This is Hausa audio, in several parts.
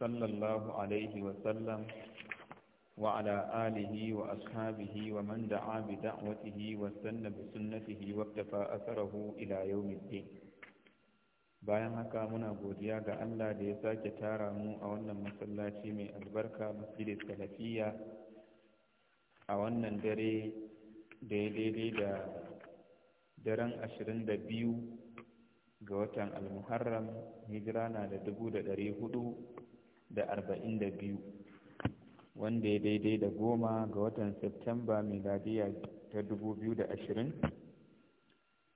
صلى الله عليه وسلم وعلى آله وأصحابه ومن دعا بدعوته واستنى بسنته واقتفى أثره إلى يوم الدين bayan haka muna godiya ga Allah da ya sake tara mu a wannan masallaci mai albarka masjidis salafiya a wannan dare daidai da daren ashirin da biyu ga watan almuharram hijira na da dubu da ɗari da arba'in da biyu wanda ya daidai da goma ga watan Septemba miladiya ta dubu biyu da ashirin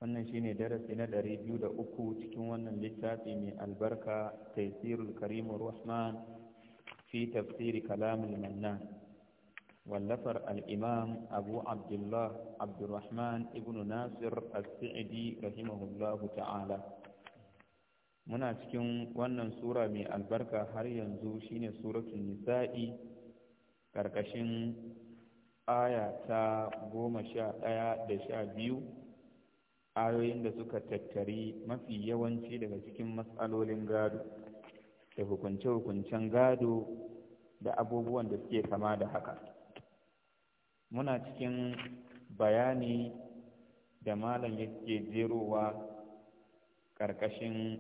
wannan shine darasi na ɗari biyu da uku cikin wannan littafi mai albarka taisirul karimu rahman fi tafsiri kalamul mannan wallafar al'imam abu abdullah abdurrahman ibn nasir al-sa'idi rahimahullahu ta'ala muna cikin wannan sura mai albarka har yanzu shine suratul nisa'i karkashin aya ta goma sha ɗaya da sha biyu ayoyin da suka tattari mafi yawanci daga cikin matsalolin gado da hukunce-hukuncen gado da abubuwan da suke kama da haka muna cikin bayani da malam yake jerowa ƙarƙashin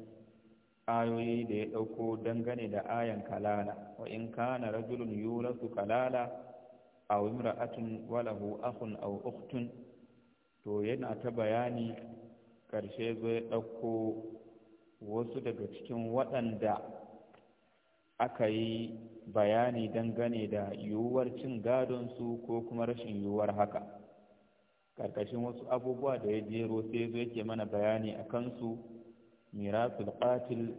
ayoyi da ya ɗauko dangane da ayan kalala wa in kana rajulun yurasu kalala a imra'atun walahu akhun aw ukhtun to yana ta bayani ƙarshe zo ɗauko wasu daga cikin waɗanda aka yi bayani dangane da yiwuwar cin gadonsu ko kuma rashin yiwuwar haka ƙarƙashin wasu abubuwa da ya jero sai zo yake mana bayani a kansu mirasul qatil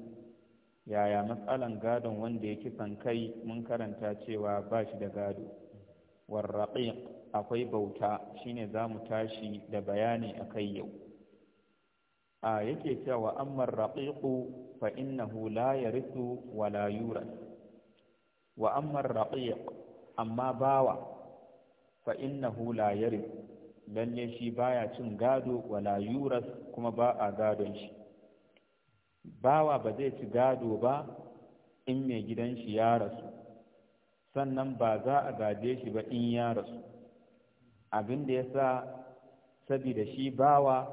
yaya matsalan gadon wanda ya kisan kai mun karanta cewa ba shi da gado warraqiq akwai bauta shine za mu tashi da bayani a kai yau a yake cewa amma raqiqu fa innahu la yarithu wa la yuras wa amma raqiq amma bawa fa innahu la yarith lalle shi baya cin gado wala yuras kuma ba a gadon shi bawa ba zai ci gado ba in mai gidan shi ya rasu sannan ba za a gaje shi ba in ya rasu abin da ya sa sabida shi bawa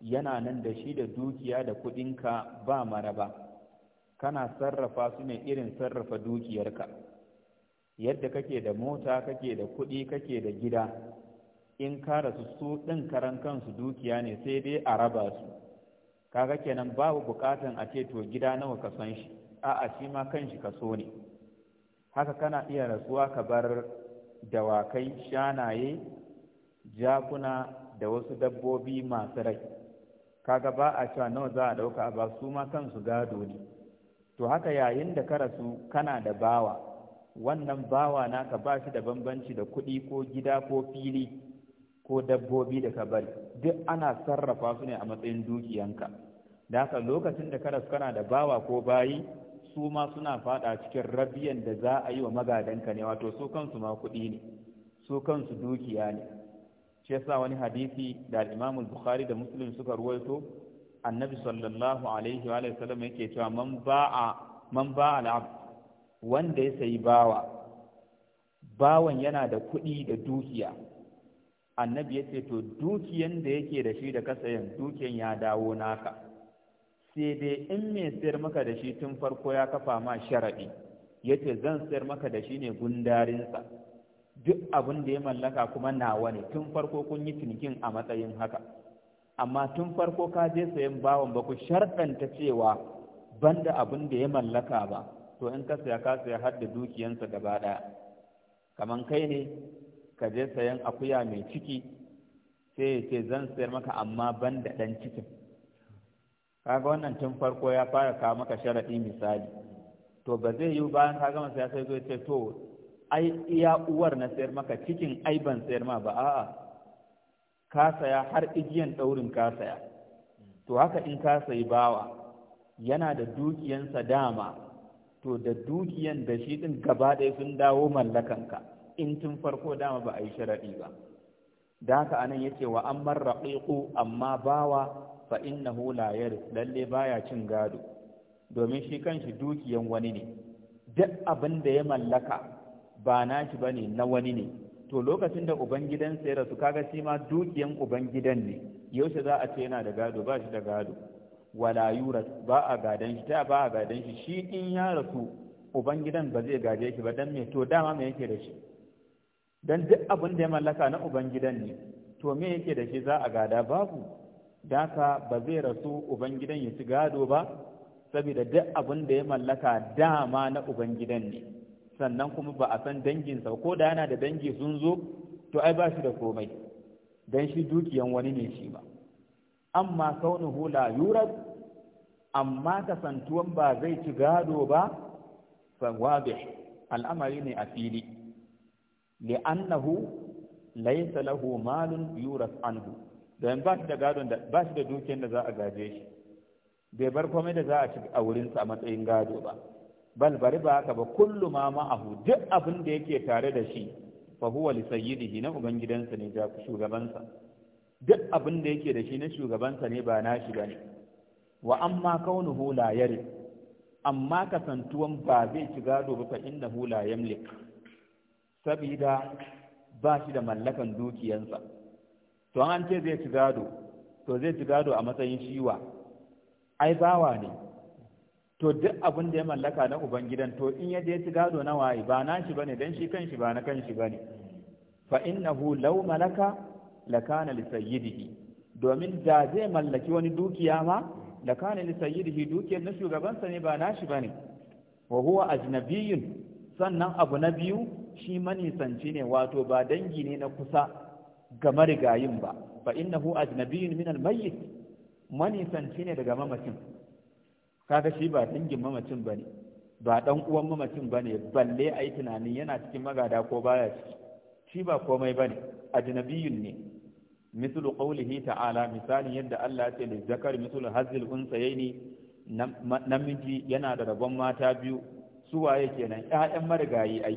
yana nan da shi da dukiya da kudinka ba maraba kana sarrafa su ne irin sarrafa dukiyarka yadda kake da mota kake da kudi kake da gida in ka rasu su ɗin karan kansu dukiya ne sai dai a raba su kaga kenan babu bukatan a ce to gida nawa ka san shi a'a shi ma kanshi ka so ne haka kana iya rasuwa ka bar dawakai shanaye jakuna da wasu dabbobi masu rai kaga ba a cewa nawa za a dauka ba su ma kansu gado ne to haka yayin da ka rasu kana da bawa wannan bawa naka ba shi da bambanci da kuɗi ko gida ko fili ko dabbobi da ka bari duk ana sarrafa su ne a matsayin dukiyanka da haka lokacin da karas kana da bawa ko bayi su ma suna fada cikin rabiyan da za a yi wa magadanka ne wato su kansu ma kuɗi ne su kansu dukiya ne shi yasa wani hadisi da al-Imam Bukhari da Muslim suka ruwaito annabi sallallahu alaihi wa sallam yake cewa man ba'a man ba'a al wanda ya sayi bawa bawan yana da kuɗi da dukiya annabi ya ce to dukiyan da yake da shi da kasayin dukiyan ya dawo naka sai dai in mai sayar maka da shi tun farko ya kafa ma sharaɗi yace zan sayar maka da shi ne gundarinsa duk abin da ya mallaka kuma nawa ne tun farko kun yi cinikin a matsayin haka amma tun farko ka je sayan bawan ba ku sharɗanta cewa banda abin da ya mallaka ba to in ka saya ka saya har da dukiyansa gaba ɗaya kaman kai ne ka je sayan akuya mai ciki sai ya ce zan sayar maka amma ban da ɗan cikin kaga wannan tun farko ya fara kawo maka sharaɗi misali to ba zai yiwu bayan ka gama saya sai zai ce to ai iya uwar na sayar maka cikin ai ban sayar ma ba a'a ka saya har igiyan ɗaurin ka saya to haka in ka sayi bawa yana da dukiyansa dama to da dukiyan da shi ɗin gaba ɗaya sun dawo mallakanka in tun farko dama ba a yi sharaɗi ba da haka anan ce wa amman raqiqu amma bawa fa innahu la yarith lalle baya cin gado domin shi kanshi dukiyan wani ne duk abin da ya mallaka ba nashi bane na wani ne to lokacin da ubangidansa ya rasu kaga shi ma dukiyan ubangidan ne yaushe za a ce yana da gado ba shi da gado wala yura ba a gadan shi ta ba a gadan shi shi in ya rasu ubangidan ba zai gaje shi ba dan me to dama me yake da shi don duk abin da ya mallaka na ubangidan ne to me yake da shi za a gada babu daka ba zai rasu ubangidan ya ci gado ba saboda duk abin da ya mallaka dama na ubangidan ne sannan kuma ba a san danginsa ko da yana da dangi sun zo to ai ba shi da komai don shi dukiyan wani ne shi ba amma kaunuhu hula yurad amma kasantuwan ba zai ci gado ba fa al'amari ne a fili li'annahu laysa lahu malun yuras anhu dan ba shi da gadon da ba da dukiyar da za a gaje shi bai bar komai da za a ci a wurin sa a matsayin gado ba bal bari ba haka ba kullu ma ma'ahu duk abin da yake tare da shi fa huwa li sayyidihi na ubangidansa ne ja shugabansa duk abin da yake da shi na shugabansa ne ba na nashi bane wa amma kaunuhu la yari amma kasantuwan ba zai ci gado ba fa innahu la yamlik saboda ba shi da mallakan dukiyansa to an ce zai ci gado to zai ci gado a matsayin shiwa ai bawa ne to duk abin da ya mallaka na ubangidan to in yadda ya ci gado na waye ba na shi bane dan shi kanshi ba na kanshi bane fa innahu law malaka lakana li sayyidihi domin da zai mallaki wani dukiya ma lakana li sayyidihi dukiyar na shugabansa ne ba nashi bane wa huwa ajnabiyyun sannan abu na biyu shi manisanci ne wato ba dangi ne na kusa ga marigayin ba fa innahu ajnabiyyun min al-mayyit manisanci ne daga mamacin kaga shi ba dangin mamacin bane ba dan uwan mamacin bane balle ayi tunanin yana cikin magada ko baya ciki shi ba komai bane ajnabiyyun ne mislu qawlihi ta'ala misalin yadda Allah ya ce li zakar mislu hazil unsayaini namiji yana da rabon mata biyu Su waye kenan ƴaƴan marigayi ai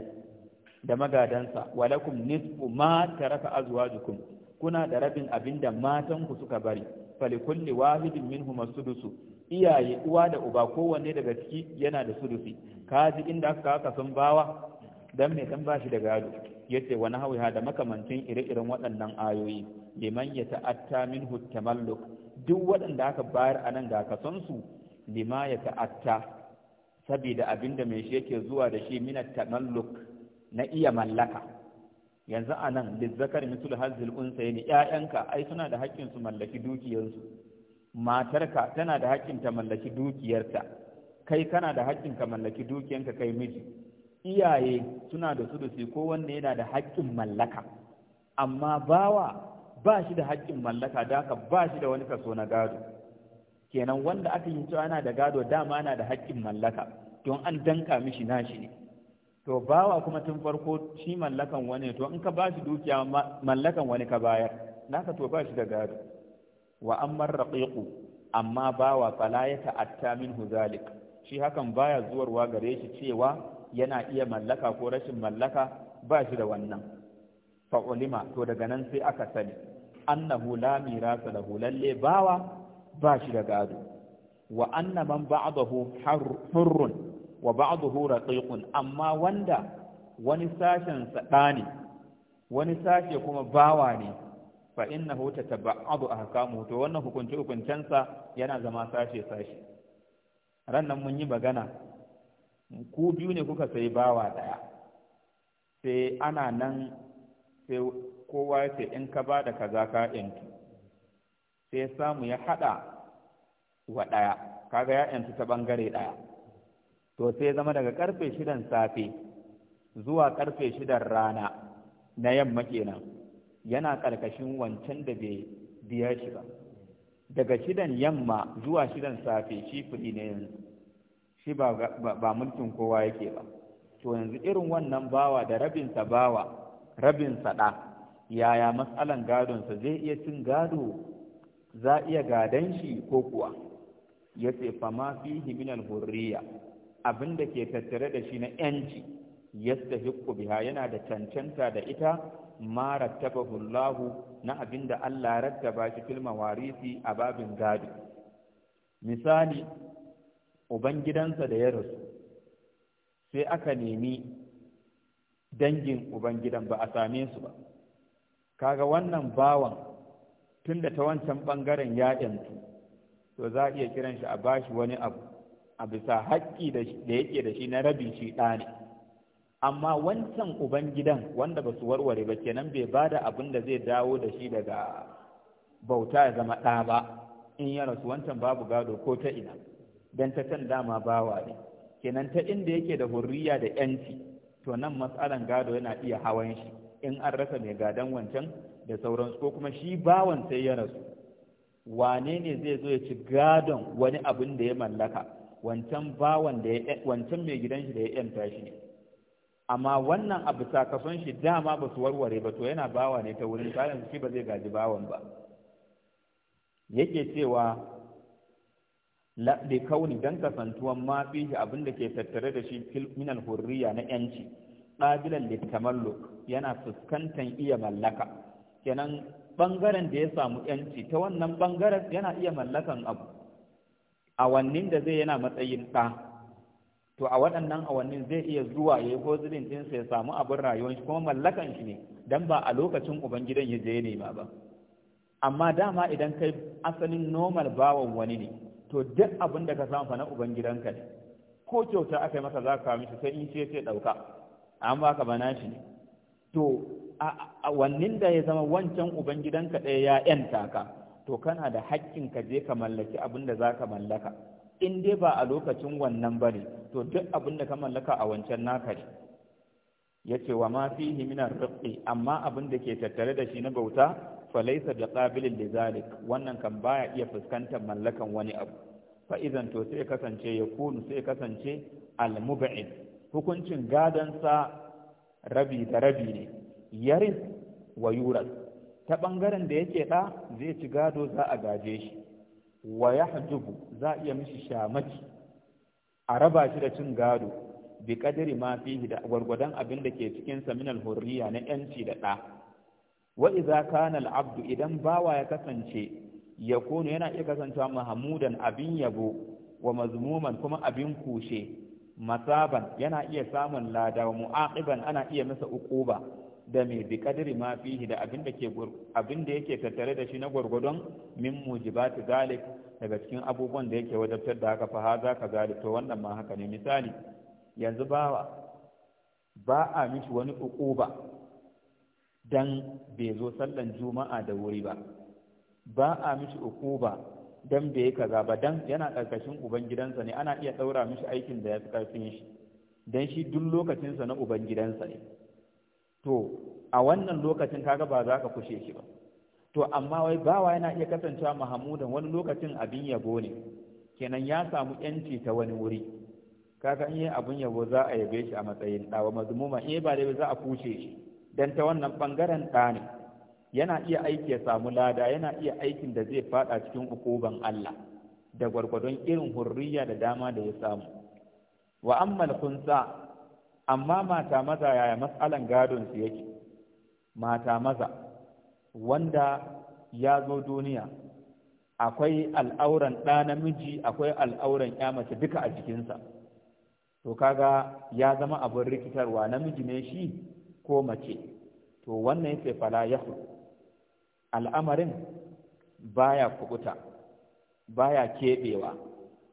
da magadansa walakum nisfu ma taraka azwajukum kuna da rabin abinda matan ku suka bari falikulli wahidin minhum sudusu iyaye uwa da uba kowanne daga ciki yana da sudusi kaji inda aka haka sun bawa dan me dan bashi da gado yace wani hawiha da makamancin ire-iren waɗannan ayoyi liman ya ta'atta minhu tamalluk duk waɗanda aka bayar a nan ga kasansu lima ya ta'atta saboda abinda mai shi yake zuwa da shi minat tamalluk na iya mallaka yanzu a nan lizzakar misul hazil unsa ne ƴaƴanka ai suna da haƙƙin su mallaki dukiyarsu matarka tana da haƙƙin ta mallaki dukiyarta kai kana da haƙƙin ka mallaki dukiyanka kai miji iyaye suna da su da su ko wanne yana da haƙƙin mallaka amma bawa ba shi da haƙƙin mallaka da haka ba shi da wani kaso na gado kenan wanda aka yi cewa yana da gado dama yana da haƙƙin mallaka don an danka mishi nashi ne to bawa kuma tun farko shi mallakan wani to in ka ba shi dukiya mallakan wani ka bayar naka to ba shi da gado wa amma raqiqu amma bawa fala ya ta'atta min zalik shi hakan baya zuwarwa gare shi cewa yana iya mallaka ko rashin mallaka ba shi da wannan fa ulima to daga nan sai aka sani annahu la mirasa lahu lalle bawa ba shi da gado wa annaman ba'dahu hurrun wa hura raqiqun amma wanda wani sashen sa ne wani sashe kuma bawa ne fa innahu tatabba'u ahkamu to wannan hukunci sa yana zama sashe sashe ran nan mun yi magana ku biyu ne kuka sai bawa daya sai ana nan sai kowa ya ce in ka ba da kaza ka yanki sai samu ya haɗa wa ɗaya kaga ya yantu ta bangare ɗaya to sai zama daga karfe shidan safe zuwa karfe shidan rana na yamma kenan yana karkashin wancan da bai biya shi ba daga shidan yamma zuwa shidan safe shi fili ne yanzu shi ba, mulkin kowa yake ba to yanzu irin wannan bawa da rabinsa bawa rabin ɗa yaya matsalan gadonsa zai iya cin gado za iya gadan shi ko kuwa ya ce fama fihi minal hurriya abin da ke tattare da shi na ‘yanci, yadda biha yana da cancanta da ita, ma rattabahu Allah na abin da Allah rattaba shi filma warisi a babin gado. Misali, Ubangidansa da ya rasu, sai aka nemi dangin Ubangidan ba a same su ba. Kaga wannan bawan, tunda ta wancan ɓangaren ya to za a iya kiran shi a bashi wani abu. a bisa haƙƙi da yake da shi na rabin shi ɗa ne amma wancan ubangidan, wanda ba su warware ba kenan bai ba da abin da zai dawo da shi daga bauta ya zama ɗa ba in ya rasu wancan babu gado ko ta ina don ta can dama bawa ne kenan ta inda yake da hurriya da yanci to nan matsalan gado yana iya hawan shi in an rasa mai gadon wancan da sauransu ko kuma shi bawan sai ya rasu wane ne zai zo ya ci gadon wani abin da ya mallaka wancan bawan da ya wancan mai gidan shi da ya yanta shi amma wannan abu sakason shi dama ba su warware ba to yana bawa ne ta wurin tsarin shi ba zai gaji bawan ba yake cewa bi kauni don kasantuwan ma fi shi abin da ke tattare da shi al hurriya na yanci ƙabilan littamalluk yana fuskantan iya mallaka kenan ɓangaren da ya samu yanci ta wannan bangaren yana iya mallakan abu awannin da zai yana matsayin ɗa to a waɗannan awannin zai iya zuwa ya yi hozilin ɗinsa ya samu abin rayuwar shi kuma mallakan shi ne don ba a lokacin ubangidan ya je ya nema ba amma dama idan kai asalin normal bawan wani ne to duk abin da ka samu fa na ubangidanka ne ko kyauta aka yi masa za ka mishi sai in ce sai ɗauka an baka bana shi ne to a wannan da ya zama wancan ubangidanka ɗaya ya ‘yanta ka to kana da haƙƙin ka je ka mallaki abin da za ka mallaka in dai ba a lokacin wannan ba ne to duk abin da ka mallaka a wancan naka ne ya ce wa ma fihi min amma abin da ke tattare da shi na bauta fa da bi qabilin zalik wannan kan baya iya fuskantar mallakan wani abu fa idan to sai kasance ya kunu sai kasance al mub'id hukuncin gadansa rabi da rabi ne yaris wa yuras ta ɓangaren da yake ɗa zai ci gado za a gaje shi wa ya za a iya mishi shamaki a raba shi da cin gado bi kadiri ma fihi da gwargwadon abin da ke cikin saminal hurriya na yanci da ɗa wa idza kana al-abdu idan bawa ya kasance ya kono yana iya kasancewa mahmudan abin yabo wa mazmuman kuma abin kushe masaban yana iya samun lada wa mu'aqiban ana iya masa uquba da mai bi kadiri ma fihi da abin da ke abin da yake tattare da shi na gwargwadon min mujibati zalik daga cikin abubuwan da yake wajabtar da haka fa haza ka zalik to wannan ma haka ne misali yanzu bawa ba a mishi wani ukuba dan bai zo sallan juma'a da wuri ba ba a mishi ukuba dan bai kaza ba dan yana karkashin ubangidansa ne ana iya daura mishi aikin da ya fi karfin shi dan shi duk lokacinsa na ubangidansa ne to a wannan lokacin kaga ba za ka kushe shi ba to amma wai bawa yana iya kasancewa mahamudan wani lokacin abin yabo ne kenan ya samu yanci ta wani wuri kaga in yi abin yabo za a yabe shi a matsayin ɗa wa mazmuma in ba dai za a kushe shi dan ta wannan bangaren ɗa ne yana iya aiki ya samu lada yana iya aikin da zai fada cikin ukuban Allah da gwargwadon irin hurriya da dama da ya samu wa ammal khunsa amma mata maza yaya matsalan gadon su yake mata maza wanda ya zo duniya akwai al'auran ɗa namiji akwai al'auran ya mace duka a jikinsa to kaga ya zama abin rikitarwa namiji ne shi ko mace to wannan yake fala yahu al'amarin baya kubuta baya keɓewa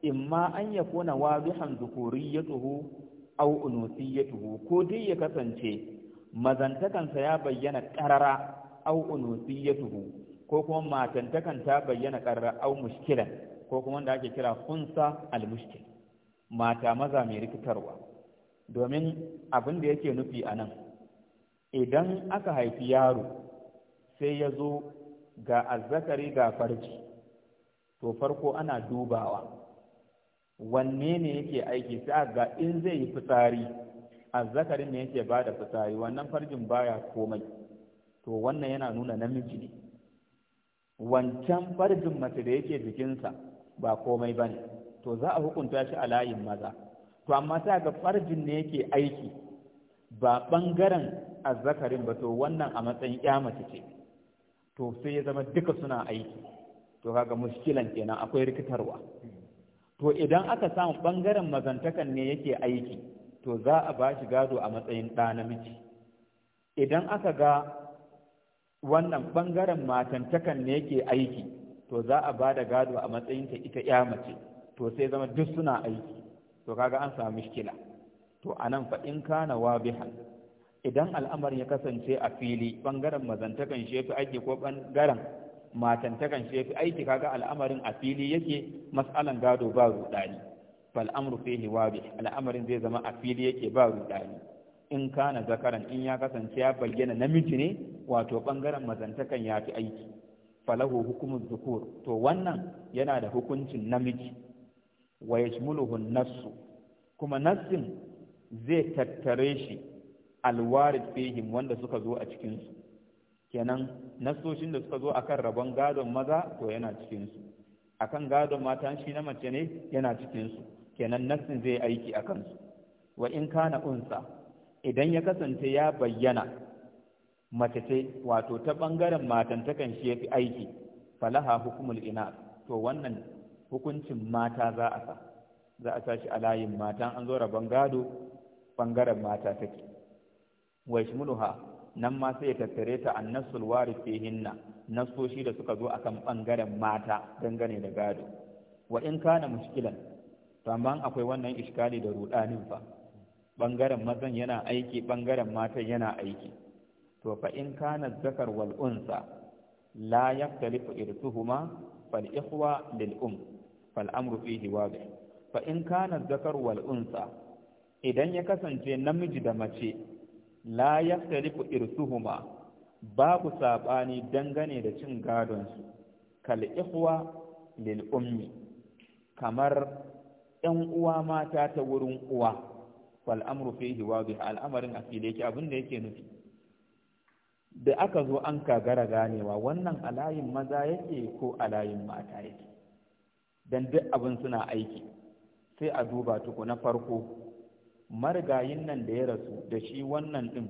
imma an yakuna ya zukuriyatuhu ya unusiyatuhu ko dai ya kasance mazantakansa ya bayyana karara ya unusiyatuhu ko kuma matantakan ta bayyana karara au mushkilan ko kuma wanda ake kira kunsa al-mushkil mata maza mai rikitarwa domin abin da yake nufi anan idan aka haifi yaro sai ya zo ga azzakari ga farji to farko ana dubawa wanne ne yake aiki sai ga in zai yi fitsari azzakarin ne yake ba da fitsari wannan farjin baya komai to wannan yana nuna namiji ne wancan farjin mace da yake jikinsa ba komai ba ne to za a hukunta shi a layin maza to amma sai ga farjin ne yake aiki ba bangaren azzakarin ba to wannan a matsayin ya mace ce to sai ya zama duka suna aiki to kaga mushkilan kenan akwai rikitarwa to idan aka samu ɓangaren mazantakan ne yake aiki to za a ba shi gado a matsayin ɗa namiji idan aka ga wannan ɓangaren matantakan ne yake aiki to za a ba da gado a matsayin ta ita ya mace to sai zama duk suna aiki to kaga an samu mishkila to anan fa in kana wabihan idan al'amarin ya kasance a fili ɓangaren mazantakan shi fi aiki ko ɓangaren matantakan shi yafi aiki kaga al'amarin a fili yake mas'alan gado ba rudani fal amru fihi wabi al'amarin zai zama a fili yake ba rudani in kana zakaran in ya kasance ya bayyana namiji ne wato bangaren mazantakan ya fi aiki falahu hukumu zukur to wannan yana da hukuncin namiji wa yajmuluhu nassu kuma nassin zai tattare shi alwarid fihim wanda suka zo a cikin su kenan nasoshin da suka zo akan rabon gadon maza to yana cikinsu akan gadon mata shi na mace ne yana cikinsu kenan nasin zai aiki a kansu wa in kana unsa idan ya kasance ya bayyana mace ce wato ta ɓangaren matan matantakan shi ya fi aiki falaha hukumul ina to wannan hukuncin mata za a sa za a sa shi a layin matan an zo rabon gado ɓangaren mata take wa ha? nan ma sai ya tattare ta annasul waris nasoshi da suka zo akan bangaren mata dangane da gado wa in kana mushkilan to amma akwai wannan iskali da rudanin fa bangaren mazan yana aiki bangaren matan yana aiki to fa in kana zakar wal unsa la yaktalifu irsuhuma fal ikhwa lil um fal amru fihi wadih fa in kana zakar wal unsa idan ya kasance namiji da mace la yaftariku irsuhuma babu sabani dangane da cin gadon su kal ikhwa lil ummi kamar 'yan uwa mata ta wurin uwa wal amru fihi wadih al'amarin afili yake abin da yake nufi da aka zo an kagara ganewa wannan alayin maza yake ko alayin mata yake dan duk abin suna aiki sai a duba tuku na farko marigayin nan da ya rasu da shi wannan ɗin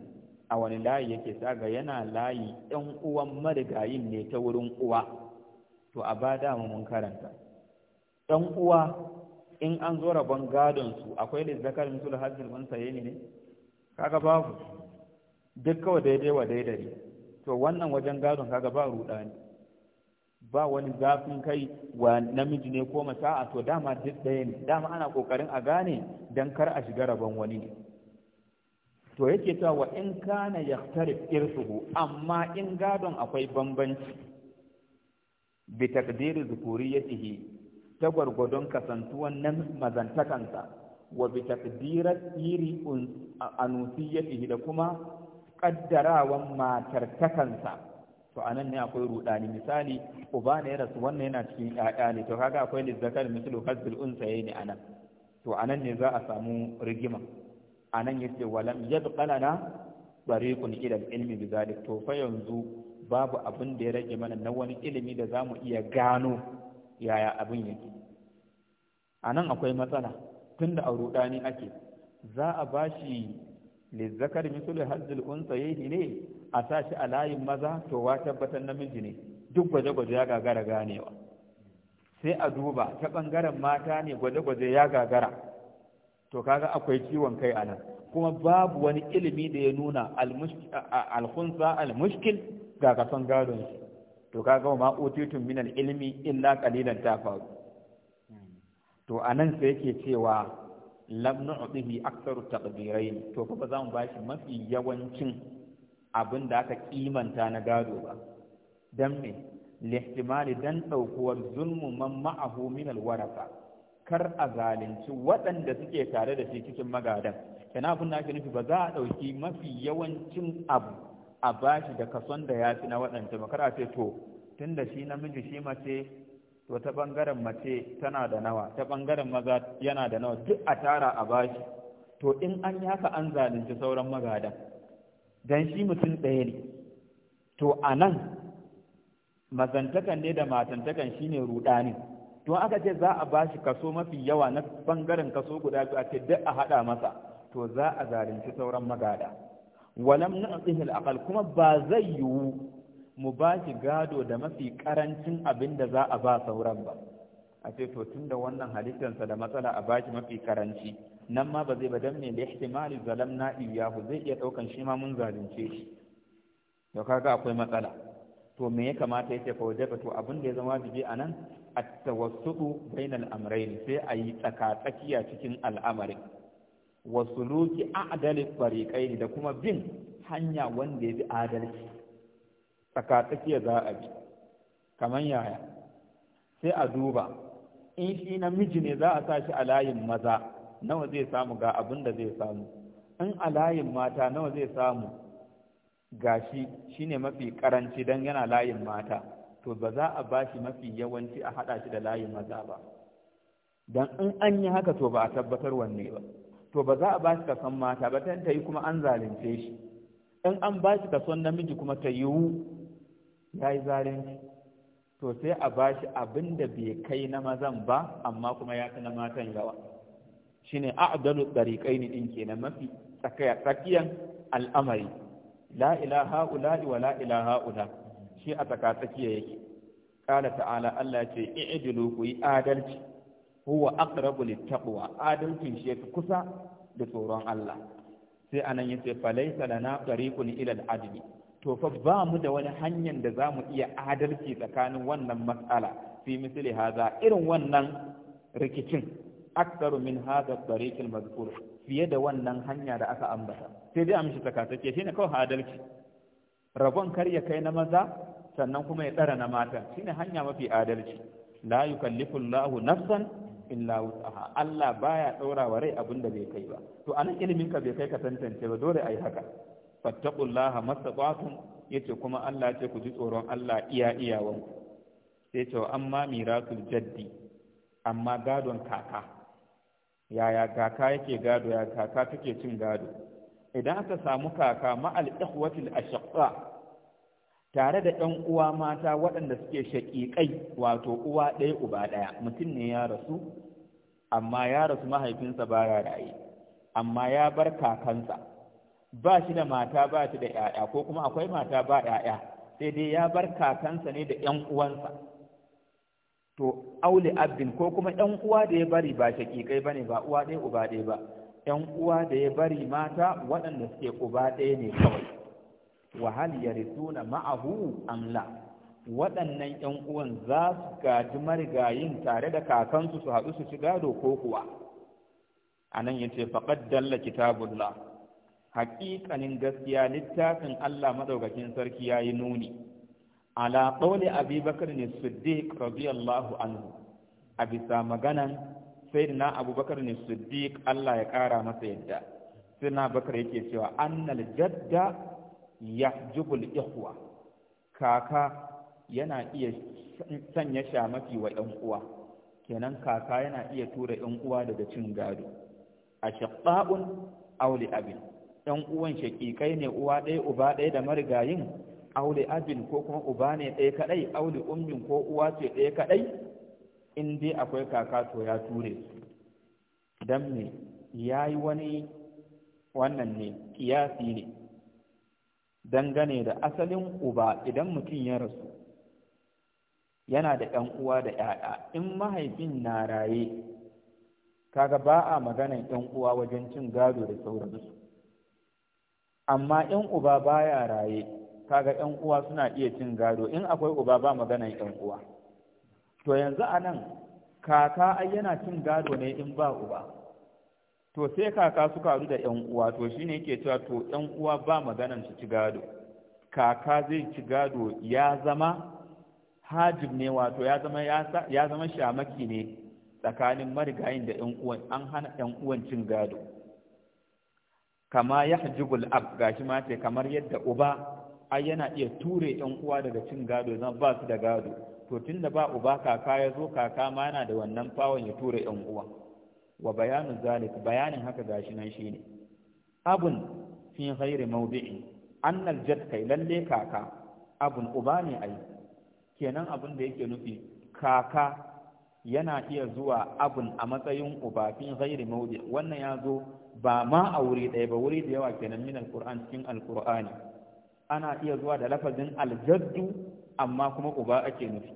a wani layi yake saga yana layi ɗan uwan marigayin ne ta wurin uwa to a ba dama mun karanta ɗan uwa in an zo rabon gadon su akwai da zakar misul hajjin mun saye ne kaga babu duk kawai daidai wa daidai to wannan wajen gadon kaga ba ruɗani ba wani zafin kai wa namiji ne ko mata a to dama duk ɗaya ne dama ana ƙoƙarin a gane don kar a shiga rabon wani ne to yake ta wa in kana yahtarif irsuhu amma in gadon akwai bambanci bi takdiri zukuriyatihi ta gwargwadon kasantuwan nan mazantakansa wa bi takdirat iri anusiyatihi da kuma kaddarawan matartakansa to a nan ne akwai rudani misali uba ne ya rasu wannan yana cikin ƴaƴa ne to kaga akwai lizzakar mislu hazbil yayi ne anan to a nan ne za a samu rigima A nan yace walam yabqalana tariqun ila ilmi bizalik to fa yanzu babu abin da ya rage mana na wani ilimi da zamu iya gano yaya abin yake nan akwai matsala tunda a rudani ake za a bashi lizzakar misul hazzul unsayihi ne a sashi a layin maza to wa tabbatar namiji ne duk gwaje-gwaje ya gagara ganewa sai a duba ta ɓangaren mata ne gwaje-gwaje ya gagara to kaga akwai ciwon kai a nan kuma babu wani ilimi da ya nuna alhunsa almushkil ga kasan gadon shi to kaga ma utitun min ilimi illa qalilan ta faru to anan sai yake cewa lam nu'tihi aktsaru taqdirain to fa ba za mu bashi mafi yawancin abin da aka kimanta na gado ba dan me lihtimali dan daukuwar zulmu man ma'ahu min kar a zalunci waɗanda suke tare da shi cikin magadan kana abin da ake nufi ba za a dauki mafi yawancin abu a bashi da kason da ya fi na waɗanda ba kar a ce to tunda shi namiji shi mace to ta ɓangaren mace tana da nawa ta ɓangaren maza yana da nawa duk a tara a bashi to in an yi haka an zalunci sauran magadan dan shi mutum ɗaya ne to a nan mazantakan ne da matantakan shi ne ruɗani, to aka ce za a bashi kaso mafi yawa na bangaren kaso guda biyu a ce duk a haɗa masa to za a zalunci sauran magada walam na tsihil akal kuma ba zai yiwu mu ba shi gado da mafi karancin abin da za a ba sauran ba a ce to tun da wannan halittarsa da matsala a ba shi mafi karanci nan ma ba zai ba don me da ihtimali na iyahu zai iya daukan shi ma mun zalunce shi to kaga akwai matsala to me ya kamata yace fa wajaba to abin da ya zama wajibi anan at tawassudu bainal amrayn sai a yi tsaka-tsakiya cikin al'amarin wasuluki a'dalil fariqaini da kuma bin hanya wanda ya bi adalci Tsaka tsakatsakiya za a bi kamar yaya sai a duba in shi namiji ne za a sa shi a layin maza nawa zai samu ga abin da zai samu in a layin mata nawa zai samu ga shi ne mafi karanci don yana layin mata to ba za a ba shi mafi yawanci a haɗa shi da layin maza ba don in an yi haka to ba a tabbatar wanne ba to ba za a ba shi kason mata ba ta yi kuma an zalunce shi in an ba shi kason namiji kuma ta yiwu ya yi zalunci to sai a bashi abin da bai kai na mazan ba amma kuma ya fi na matan yawa shine a'dalu dariqaini din kenan mafi tsakiyan al'amari la ilaha wa la ilaha shi a tsaka tsakiya yake qala ta'ala Allah ya ce i'dilu ku yi adalci huwa aqrabu littaqwa adalcin shi yake kusa da tsoron Allah sai anan yace falaysa lana tariqun ila al-adli to fa ba mu da wani hanyar da za mu iya adalci tsakanin wannan matsala fi misali haza irin wannan rikicin aksaru min haza tariqil mazkur fiye da wannan hanya da aka ambata sai dai amshi mishi tsakatsake shine kawai adalci rabon kar ya kai na maza sannan kuma ya tsara na mata shine hanya mafi adalci la yukallifu Allahu nafsan illa wus'aha Allah baya daura wa rai abin bai kai ba to anan ilimin ka bai kai ka tantance ba dole ai haka fattaqullaha mastata'tum yace kuma Allah ce ku ji tsoron Allah iya iyawan sai ce amma mirasul jaddi amma gadon kaka yaya kaka yake gado ya kaka take cin gado idan aka samu kaka ma'al ikhwatil ashqa tare da ɗan uwa mata waɗanda suke shaƙiƙai wato uwa ɗaya uba ɗaya mutum ne ya rasu amma ya rasu mahaifinsa baya raye amma ya bar kakansa ba shi da mata ba shi da ‘ya'ya ko kuma akwai mata ba ‘ya'ya sai dai ya bar kakansa ne da ‘yan uwansa to auli abin ko kuma ‘yan uwa da ya bari ba shakikai ba ne ba uwa ɗaya uba ɗaya ba ‘yan uwa da ya bari mata waɗanda suke uba ɗaya ne kawai wahal ya risuna ma'ahu amla waɗannan ‘yan uwan za su gaji marigayin tare da kakansu su haɗu su ci gado ko kuwa Anan nan ya ce faƙad dalla kitabullah haƙiƙanin gaskiya littafin Allah madaukakin sarki ya yi nuni ala qawli Abi bakar ne Siddiq radiyallahu anhu a bisa maganan na Abu Bakr ne Siddiq Allah ya ƙara masa yadda na bakar yake cewa annal jadda yahjubul ikuwa. kaka yana iya sanya shamaki wa 'yan uwa kenan kaka yana iya tura yanuwa uwa daga cin gado a shaqqa'un auli abin ɗan uwan shaƙiƙai ne uwa ɗaya uba ɗaya da marigayin aure abin ko kuma uba ne ɗaya kaɗai aure ummin ko uwa ce ɗaya kaɗai in dai akwai kaka to ya ture su don me ya yi wani wannan ne kiyasi ne dangane da asalin uba idan mutum ya rasu yana da ɗan uwa da ‘ya'ya in mahaifin na raye kaga ba a maganan ‘yan uwa wajen cin gado da sauransu amma in uba baya raye kaga 'yan uwa suna iya cin gado in akwai uba ba maganan 'yan uwa to yanzu anan kaka ai yana cin gado ne in ba uba to sai kaka suka haɗu da 'yan uwa to shine yake cewa to 'yan uwa ba maganan su ci gado kaka zai ci gado ya zama hajib ne wato ya zama ya zama shamaki ne tsakanin marigayin da ƴan uwan an hana ƴan uwan cin gado kama ya hajjugul ab gashi ma ce kamar yadda uba ai yana iya ture ɗan uwa daga cin gado zan ba su da gado to tun da ba uba kaka ya zo kaka ma yana da wannan fawon ya ture ɗan uwa wa bayanin zalik bayanin haka gashi nan shine abun fi hairi mawdi'i annal jad kai lalle kaka abun uba ne ai kenan abun da yake nufi kaka yana iya zuwa abun a matsayin ubafin zairi ghairi wannan ya zo ba ma a wuri ɗaya ba wuri da yawa kenan min alquran cikin alqur'ani ana iya zuwa da lafazin aljaddu amma kuma uba ake nufi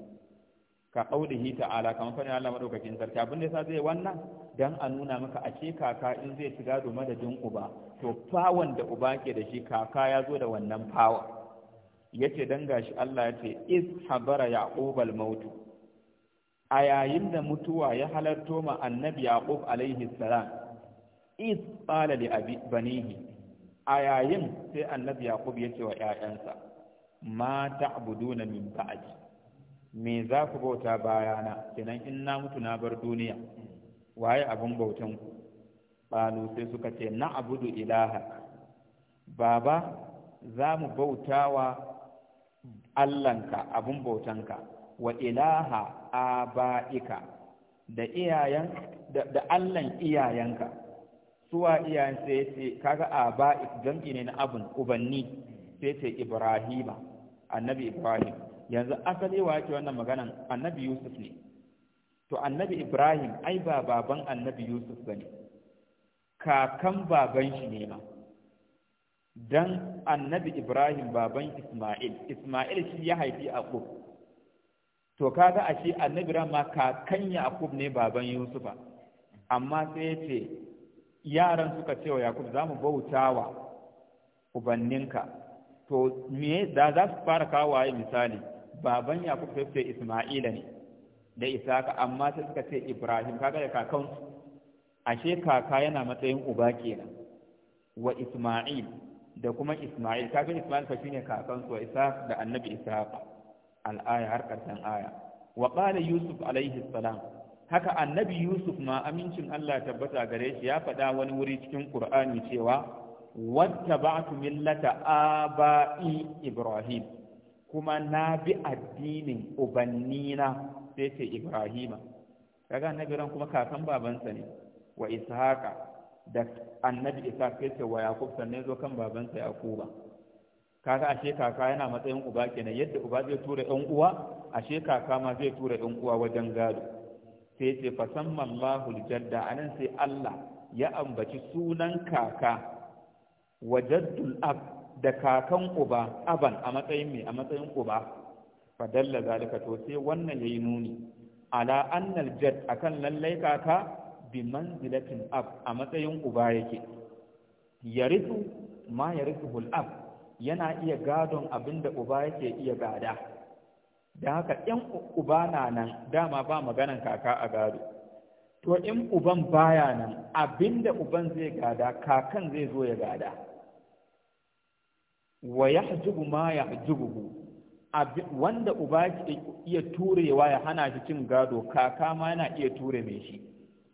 ka qaulihi ta'ala kamar fa Allah madaukakin sarki abin da yasa zai wannan dan a nuna maka a ce kaka in zai shiga da madadin uba to fawon da uba ke da shi kaka ya zo da wannan fawa yace dan gashi Allah yace is habara yaqubal mautu a yayin da mutuwa ya halarto ma annabi yaqub alaihi salam iz qala li abi banihi a yayin sai annabi yaqub ya ce wa ƴaƴansa ma ta'buduna min ba'di me za ku bauta bayana kenan in na mutu na bar duniya waye abin bautan ku qalu sai suka ce na'budu ilaha baba za mu bautawa allanka, abin bautanka wa ilaha aba'ika da iyayen da allan iyayenka suwa iyayen sai ce kaga aba'ik jam'i ne na abun ubanni sai ce ibrahima annabi ibrahim yanzu asali wa yake wannan maganan annabi yusuf ne to annabi ibrahim ai ba baban annabi yusuf bane kakan baban shi ne ma dan annabi ibrahim baban isma'il isma'il shi ya haifi aqub to kaga ashe annabi ma kakan Yakub ne baban Yusufa amma sai ya ce yaran suka ce wa Yakub zamu bauta wa ubanninka to me da za su fara kawo waye misali baban Yakub sai ce Isma'ila ne da Isaka amma sai suka ce Ibrahim kaga ya kakan ashe kaka yana matsayin uba kenan wa Isma'il da kuma Isma'il kaga Isma'il fa shine kakan su wa Isaka da annabi Isaka al'aya har ƙarshen aya wa qala yusuf alaihi salam haka annabi yusuf ma amincin Allah tabbata gare shi ya faɗa wani wuri cikin qur'ani cewa wattaba'tu millata aba'i ibrahim kuma na bi addinin ubannina sai ce ibrahima kaga annabi ran kuma kakan babansa ne wa ishaqa da annabi isa sai ce wa yaqub sannan zo kan babansa yaquba kaga ashe kaka yana matsayin uba kenan yadda uba zai tura ɗan uwa ashe kaka ma zai tura ɗan uwa wajen gado sai ce fa fasamman lahul jadda anan sai Allah ya ambaci sunan kaka wajaddul ab da kakan uba aban a matsayin mai a matsayin uba Fa dalla zalika to sai wannan yayi nuni ala annal jadd akan lallai kaka bi manzilatin ab a matsayin uba yake yarisu ma al ab yana iya gadon abin da uba yake iya gada da haka in uba na nan dama ba maganan kaka a gado to in uban baya nan abin da uban zai gada kakan zai zo ya gada wa ya ma ya wanda uba ke iya turewa ya hana shi cin gado kaka ma yana iya ture mai shi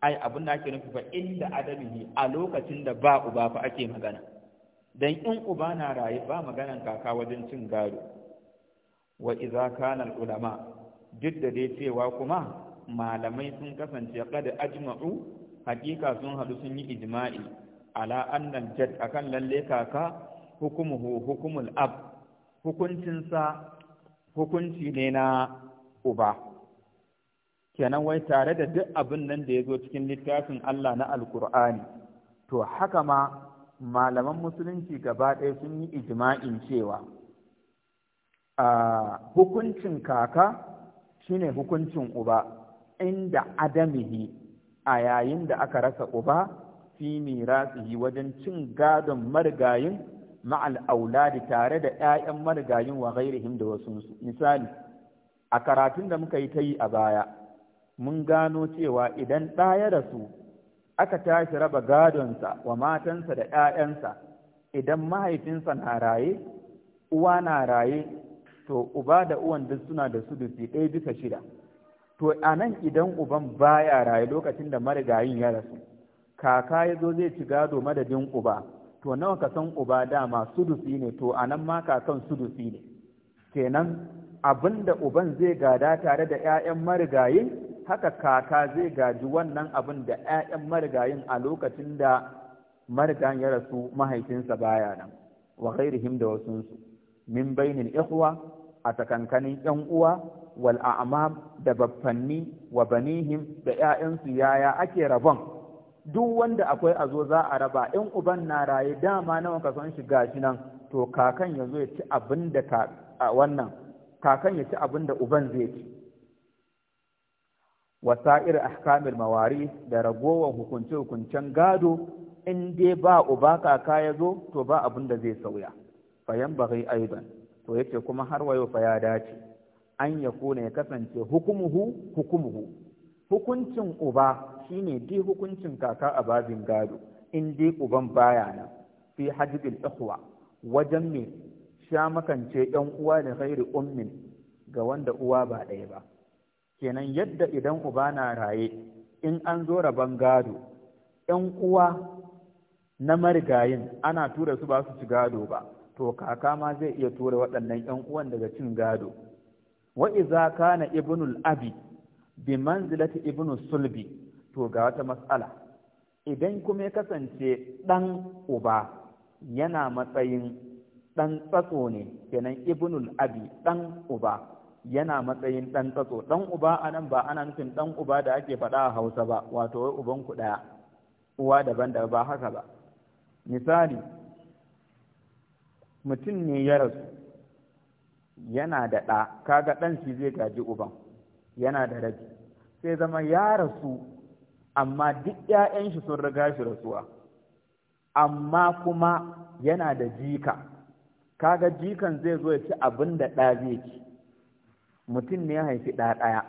ai abin da ake nufi fa inda adamihi a lokacin da ba uba fa ake magana dan in uba na raye ba maganan kaka wajen cin gado wa idza kana ulama duk da dai cewa kuma malamai sun kasance kada ajma'u hakika sun hadu sun yi ijma'i ala annal jad akan lalle kaka hukumuhu hukumul ab sa hukunci ne na uba kenan wai tare da duk abin nan da ya zo cikin littafin Allah na alkur'ani to haka ma malaman musulunci gaba ɗaya sun yi ijma'in cewa a hukuncin kaka shine hukuncin uba inda adamihi a yayin da aka rasa uba fi mirasihi wajen cin gadon marigayin ma'al auladi tare da 'ya'yan marigayin wa ghairihim da wasu misali a karatun da muka yi ta yi a baya mun gano cewa idan ɗaya rasu aka tashi raba gadonsa wa matansa da ‘ya'yansa idan mahaifinsa na raye uwa na raye to uba da uwan duk suna da su sudusi ɗaya bisa shida to a nan idan uban baya raye lokacin da marigayin ya rasu kaka ya zo zai ci gado madadin uba to nawa ka san uba dama sudusi ne to a nan ma kakan sudusi ne kenan abin da uban zai gada tare da ‘ya'yan marigayin? haka kaka zai gaji wannan abin da 'ya'yan marigayin a lokacin da marigayin ya rasu mahaifinsa baya nan wa ghairihim da wasunsu min bainin ikhwa a takankanin 'yan uwa wal a'mam da baffanni wa banihim da 'ya'yansu yaya ake rabon duk wanda akwai a zo za a raba 'yan uban na raye dama nawa ka son shi nan to kakan ya zo ya ci abin da wannan kakan ya ci abin da uban zai ci wa sa'ir ahkamil mawari da ragowar hukunce-hukuncen gado in dai ba uba kaka ya zo to ba abin da zai sauya fayan bagai aiban to yake kuma har wayo fa ya dace an ya kone ya kasance hukumuhu hukumuhu hukuncin uba shine dai hukuncin kaka a babin gado in dai uban baya nan fi hajjibil ikhwa wajen me sha makance yan uwa da ghairi ummin ga wanda uwa ba ɗaya ba kenan yadda idan uba na raye in an zo rabon gado ‘yan uwa na marigayin ana tura su ba su ci gado ba to kaka ma zai iya tura waɗannan ‘yan uwan daga cin gado wa iza kana ibnul abi bi manzilati ibnul sulbi to ga wata matsala idan kuma ya kasance ɗan uba yana matsayin ɗan tsatso ne kenan ibnul abi ɗan uba yana matsayin ɗan tsatso ɗan uba a nan ba ana nufin ɗan uba da ake faɗa a hausa ba wato wai uban ku ɗaya uwa daban da ba haka ba misali mutum ne ya rasu yana da ɗa kaga ɗan shi zai gaji uban yana da rabi sai zama ya rasu amma duk ‘ya'yan shi sun riga shi rasuwa amma kuma yana da jika kaga jikan zai zo ya ci abin da ɗa zai ci mutum ne ya haifi ɗa ɗaya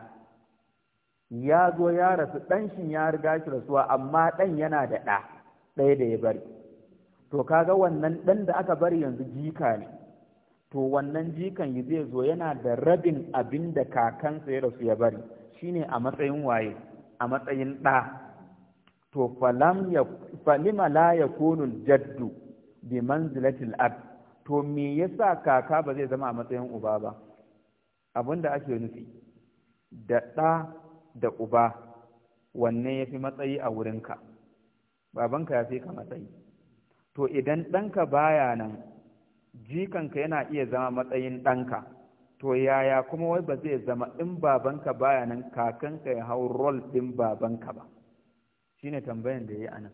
ya zo ya rasu ɗanshin ya riga shi rasuwa amma ɗan yana da ɗa ɗaya da ya bari to kaga wannan ɗan da aka bari yanzu jika ne to wannan jikan yi zai zo yana da rabin abin da kakansa ya rasu ya bari shine a matsayin waye a matsayin ɗa to falima la ya konu jaddu bi manzilatil ab to me yasa kaka ba zai zama a matsayin uba ba Abin da ake nufi da ɗa da uba wanne ya fi matsayi a wurinka babanka ya fi ka matsayi to idan ɗanka baya nan jikanka yana iya zama matsayin ɗanka to yaya kuma wai ba zai zama in babanka baya nan kakanka ya hau rol ɗin babanka ba Shi ne tambayan da ya yi a nan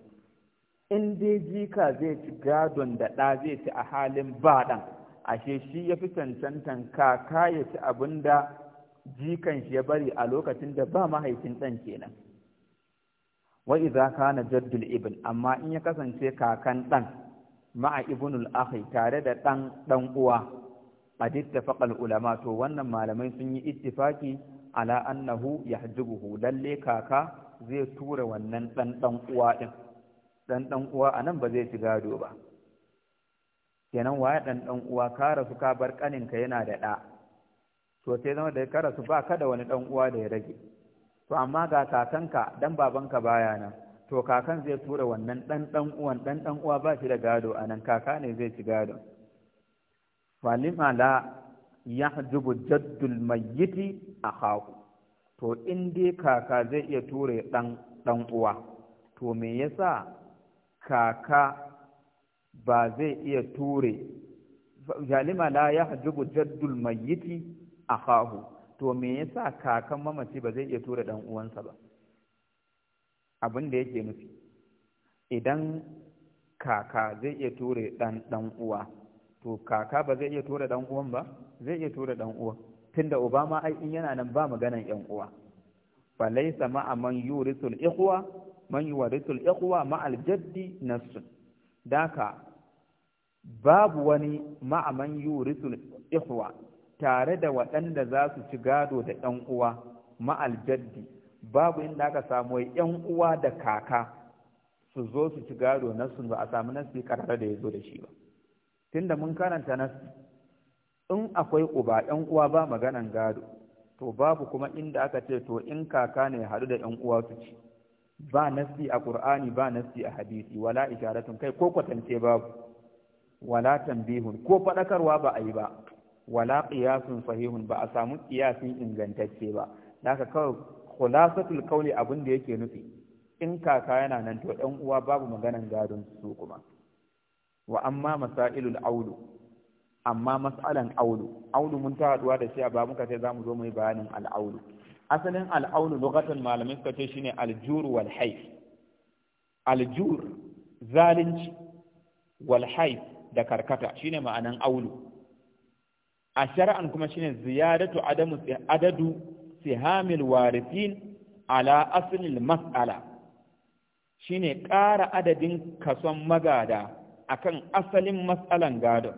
in dai jika zai ci gadon da ɗa zai ci a halin ba ɗan ashe shi ya fi cancantan kaka ya ci abin da jikan shi ya bari a lokacin da ba mahaifin ɗan kenan wa idza kana jaddul ibn amma in ya kasance kakan ɗan ma'a ibnul akhi tare da ɗan ɗan uwa qad ittafaqa ulama to wannan malamai sun yi ittifaki ala annahu yahjubuhu lalle kaka zai tura wannan ɗan ɗan uwa ɗin ɗan ɗan uwa anan ba zai ci gado ba kenan waye ɗan dan uwa ka rasu ka bar ƙaninka yana da ɗa to sai zama da ka rasu ba ka da wani dan uwa da ya rage to amma ga kakanka dan babanka baya nan to kakan zai tura wannan ɗan dan uwan ɗan dan uwa ba shi da gado anan kaka ne zai ci gado Falima la yahjubu jaddul mayyiti akhahu to in dai kaka zai iya tura dan dan uwa to me yasa kaka ba zai iya ture jalima la ya hajjubu jaddul a hahu. to me yasa kakan mamaci ba zai iya ture dan uwansa ba abin da yake nufi idan kaka zai iya ture dan uwa to kaka ba zai iya ture dan uwan ba zai iya ture dan uwa tunda uba ma ai in yana nan ba maganan yan uwa fa laysa ma'a man yurisul ikhwa man yurisul ikhwa ma al jaddi nasun daka babu wani ma'aman yurisul ihwa tare da waɗanda za su ci gado da ‘yan uwa ma'al babu inda aka samu ‘yan uwa da kaka su zo su ci gado na ba a samu nasi karara da ya zo da shi ba tunda mun karanta nasi in akwai uba ‘yan uwa ba maganan gado to babu kuma inda aka ce to in kaka ne haɗu da ‘yan uwa su ci ba nasi a qur'ani ba nasi a hadisi wala isharatun kai ko kwatance babu wala tambihun ko faɗakarwa ba a yi ba wala qiyasun sahihun ba a samu qiyasin ingantacce ba haka kawai khulasatul qawli abin da yake nufi in kaka yana nan to ɗan uwa babu maganan gadon su kuma wa amma masailul aulu amma mas'alan aulu aulu mun ta haduwa da shi a ba muka sai zamu zo mu yi bayanin al asalin al'aunu lokacin malamai suka ce shine aljur walhaif, aljur zalunci walhaif da karkata shine ma'anan aulu a shari'an kuma shine ziyadatu adamu adadu sihamil warifin ala asalin mas'ala shine ƙara adadin kason magada akan asalin mas'alan gado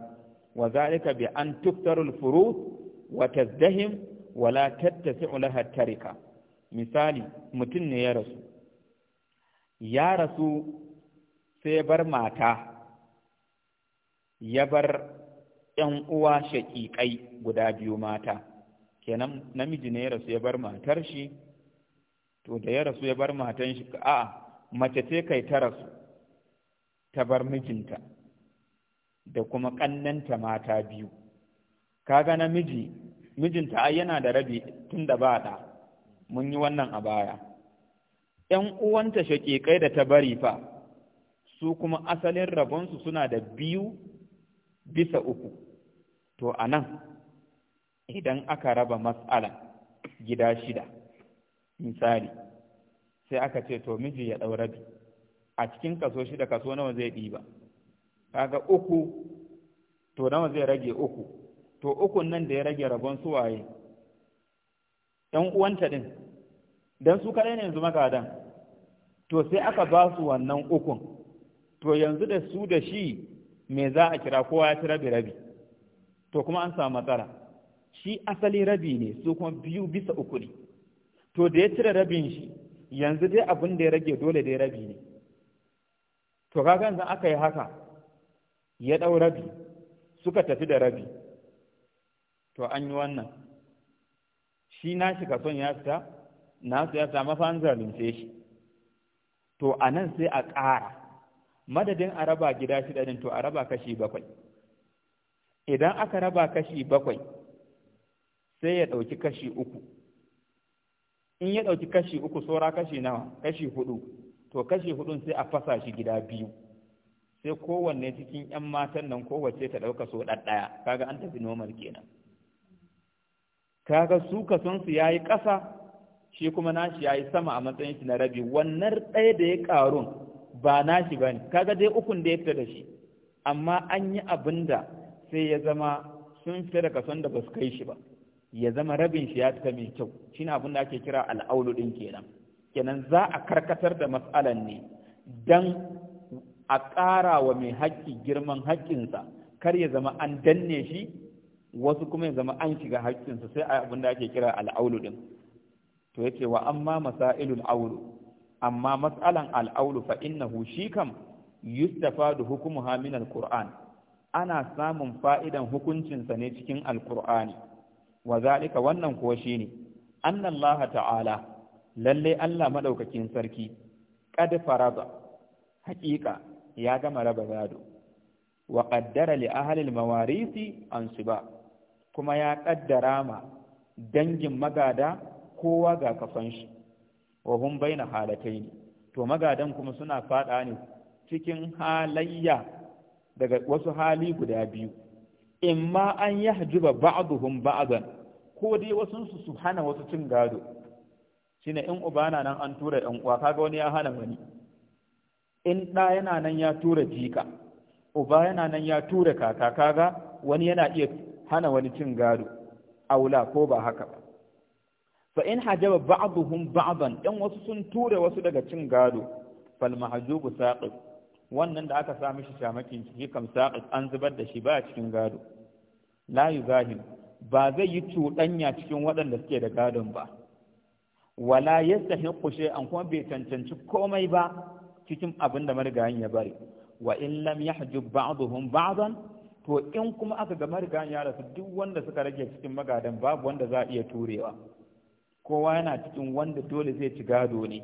wa zalika bi an tuftarul furu wa tazdahim wala tattasi laha tarika misali mutum ne ya rasu ya rasu sai bar mata ya bar ‘yan uwa shaƙiƙai guda biyu mata kenan namiji ne ya rasu ya bar matar shi to da ya rasu ya bar matan shi a'a mace ce kai ta rasu ta bar mijinta da kuma ƙannanta mata biyu kaga namiji mijinta ai yana da rabi tun da ba ɗa mun yi wannan a baya ‘yan uwanta kai da ta bari fa su kuma asalin rabonsu suna da biyu bisa uku to a nan idan aka raba matsala gida shida misali sai aka ce to miji ya ɗau rabi a cikin kaso shida kaso nawa zai ɗiba kaga uku to nawa zai rage uku to ukun nan da ya rage rabon suwaye. Ɗan uwanta ɗin don su kaɗai ne yanzu magadan to sai aka ba su wannan ukun to yanzu da su da shi me za a kira kowa ya ci rabi rabi to kuma an samu matsala shi asali rabi ne su kuma biyu bisa uku ne to da ya cire rabin shi yanzu dai abin da ya rage dole dai rabi ne to kaga yanzu aka yi haka ya ɗau rabi suka tafi da rabi to an yi wannan shi na shi son ya fita na su ya samu fa'an zalunce shi to a nan sai a ƙara madadin a raba gida shida din to a raba kashi bakwai idan aka raba kashi bakwai sai ya ɗauki kashi uku in ya ɗauki kashi uku saura kashi nawa kashi hudu to kashi hudun sai a fasa shi gida biyu sai kowanne cikin 'yan matan nan kowace ta ɗauka so ɗaya, kaga an tafi normal kenan kaga su kason su yayi ƙasa shi kuma nashi yayi sama a matsayin shi na rabi wannan ɗaya da ya ƙarun ba nashi bane kaga dai ukun da ya fita da shi amma an yi abin sai ya zama sun fita da kason da ba su kai shi ba ya zama rabin shi ya fita mai kyau shine abin da ake kira al'aulu din kenan kenan za a karkatar da matsalan ne dan a ƙara wa mai haƙƙi girman haƙƙinsa kar ya zama an danne shi wasu kuma ya zama an shiga su sai a abin da ake kira al'aulu ɗin to yace wa amma masailul aulu amma mas'alan al'aulu fa innahu shi kam yustafadu hukumuha min al ana samun fa'idan hukuncinsa ne cikin alkur'ani wa zalika wannan kuwa shi ne annan laha ta'ala lalle Allah maɗaukakin sarki ƙad faraba haƙiƙa ya gama raba gado wa ƙaddara li ahalil mawarisi an ba kuma ya ƙaddara ma dangin magada kowa ga kafan shi wa hum baina halatai to magadan kuma suna fada ne cikin halayya daga wasu hali guda biyu imma an yahjuba ba'dhum ba'dan ko dai wasunsu su hana wasu cin gado shine in uba na nan an tura ɗan uwa kaga wani ya hana wani in ɗa yana nan ya tura jika uba yana nan ya tura kaka kaga wani yana iya hana wani cin gado aula ko ba haka ba fa in hajaba ba'dhum ba'dan dan wasu sun tura wasu daga cin gado fal mahjubu saqib wannan da aka sa mishi shamakin shi kam saqib an zubar da shi ba cikin gado la yuzahim ba zai yi cuɗanya cikin waɗanda suke da gadon ba wala yastahiqu shay'an kuma bai cancanci komai ba cikin abinda da marigayin ya bari wa in lam yahjub ba'dhum ba'dan to in kuma aka ga marigan ya rasu duk wanda suka rage cikin magadan babu wanda za a iya turewa kowa yana cikin wanda dole zai ci gado ne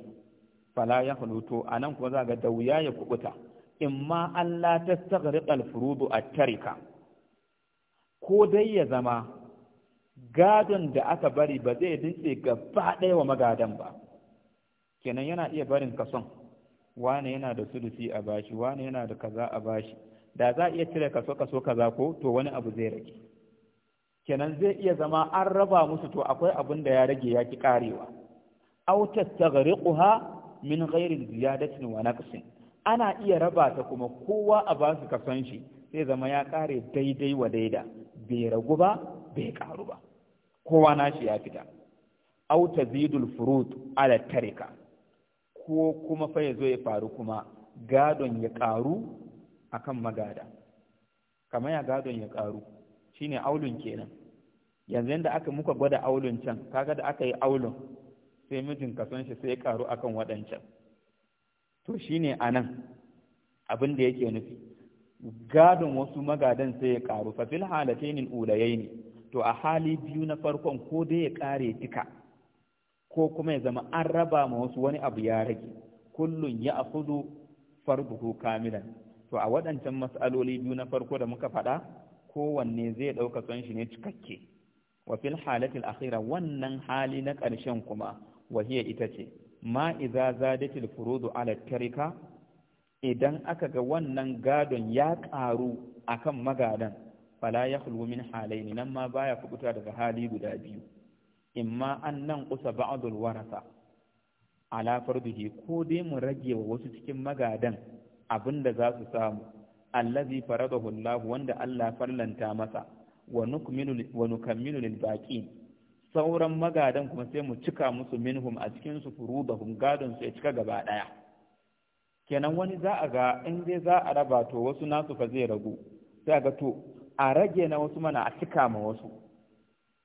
fala ya huluto a nan kuma za ga da wuya ya kubuta in ma Allah ta tsagarika alfurudu a tarika ko dai ya zama gadon da aka bari ba zai dutse gaba ɗaya wa magadan ba kenan yana iya barin kason wane yana da sulusi a bashi wane yana da kaza a bashi da za a iya cire kaso kaso kaza ko to wani abu zai rage kenan zai iya zama an raba musu to akwai abin da ya rage ya ki karewa aw tastaghriquha min ghairi ziyadatin wa naqsin ana iya raba ta kuma kowa a ba su kason shi sai zama ya kare daidai wa daida bai ragu ba bai karu ba kowa nashi ya fita aw tazidul furud ala tarika ko kuma fa yazo ya faru kuma gadon ya karu akan magada kamar ya gadon ya karu shine aulun kenan yanzu inda aka muka gwada aulun can kaga da aka yi aulun sai mijin san shi sai ya karu akan waɗancan to shine anan abin da yake nufi gadon wasu magadan sai ya karu fa fil halatayn ulayayn to a hali biyu na farkon ko dai ya kare duka ko kuma ya zama an raba ma wasu wani abu ya rage kullun ya akhudhu farduhu kamilan to a waɗancan mas'aloli biyu na farko da muka faɗa kowanne zai ɗauka son shi ne cikakke wa fil halatil akhira wannan hali na ƙarshen kuma wahiya ita ce ma iza zadatil furudu ala tarika idan aka ga wannan gadon ya ƙaru akan magadan fala yakhlu min halaini nan ma baya kubuta daga hali guda biyu imma an nan kusa ba'dul warasa ala farduhi ko dai mu rage wa wasu cikin magadan abin da za su samu allazi faradahu Allah wanda Allah farlanta masa wa nukammilu lil baqin sauran magadan kuma sai mu cika musu minhum a cikin su furudahum gadon su ya cika gaba daya kenan wani za a ga in dai za a raba to wasu nasu fa zai ragu sai ga to a rage na wasu mana a cika ma wasu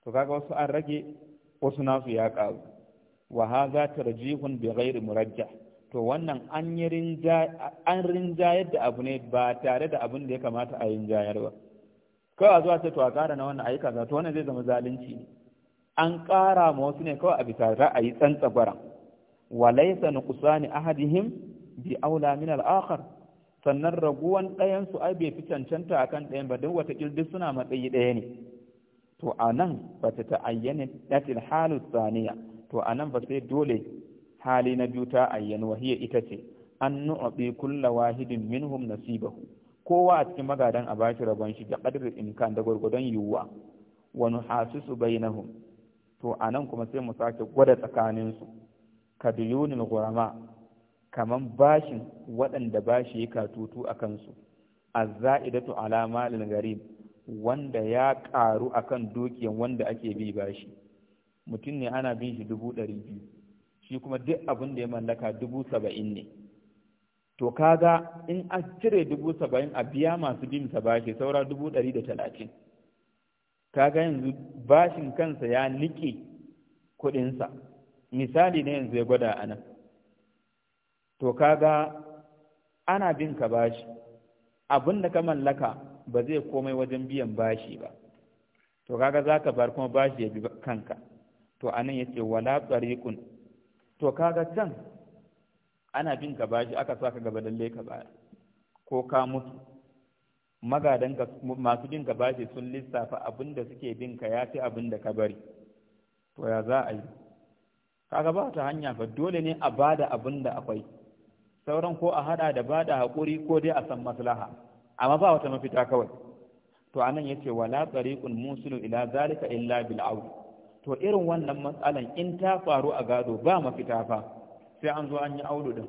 to kaga wasu an rage wasu nasu ya karu wa hadha tarjihun bi ghairi murajjah to wannan an yi rinjayar da abu ne ba tare da abin da ya kamata a jayar ba kawai a zuwa ce to a kara na wannan ayyuka za wannan zai zama zalunci an kara ma wasu ne kawai a bisa ra'ayi tsantsagwaran wa laisa nuqsani ahadihim bi aula min al-akhar sannan raguwan ɗayan su ai bai fi cancanta akan ɗayan ba duk wata duk suna matsayi ɗaya ne to anan ba ta ta'ayyana datil halu saniya to anan ba sai dole hali na biyu ta ayyana wahiya ita ce an nu'abi kulla wahidin minhum nasibahu kowa a cikin magadan a bashi rabon shi da qadri kan da gurgudan yiwuwa wa nuhasisu bainahum to anan kuma sai mu sake gwada tsakanin su kadiyunil ghurama kaman bashin waɗanda bashi ya katutu a kansu azza'idatu ala malil garib wanda ya ƙaru akan dukiyan wanda ake bi bashi mutum ne ana bin shi dubu ɗari biyu shi kuma duk abin da ya mallaka dubu saba'in ne to kaga in a cire dubu saba'in a biya masu bin sa bashi saura dubu ɗari da talatin kaga yanzu bashin kansa ya niƙe kuɗinsa misali ne yanzu ya gwada a nan to kaga ana bin ka bashi abin da ka mallaka ba zai komai wajen biyan bashi ba to kaga za ka bar kuma bashi ya bi kanka to anan ya ce wala tsariƙun to kaga can ana bin ka aka saka gaba lalle ka baya ko ka mutu magadan masu bin ka sun lissafa abin da suke bin ka ya fi abin ka bari to ya za a yi kaga ba ta hanya fa dole ne a bada abin da akwai sauran ko a hada da bada hakuri ko dai a san maslaha amma ba wata mafita kawai to anan yace wala tariqun musilu ila zalika illa bil aud to irin wannan matsalan in ta faru a gado ba mafita fa sai an zo an yi audu din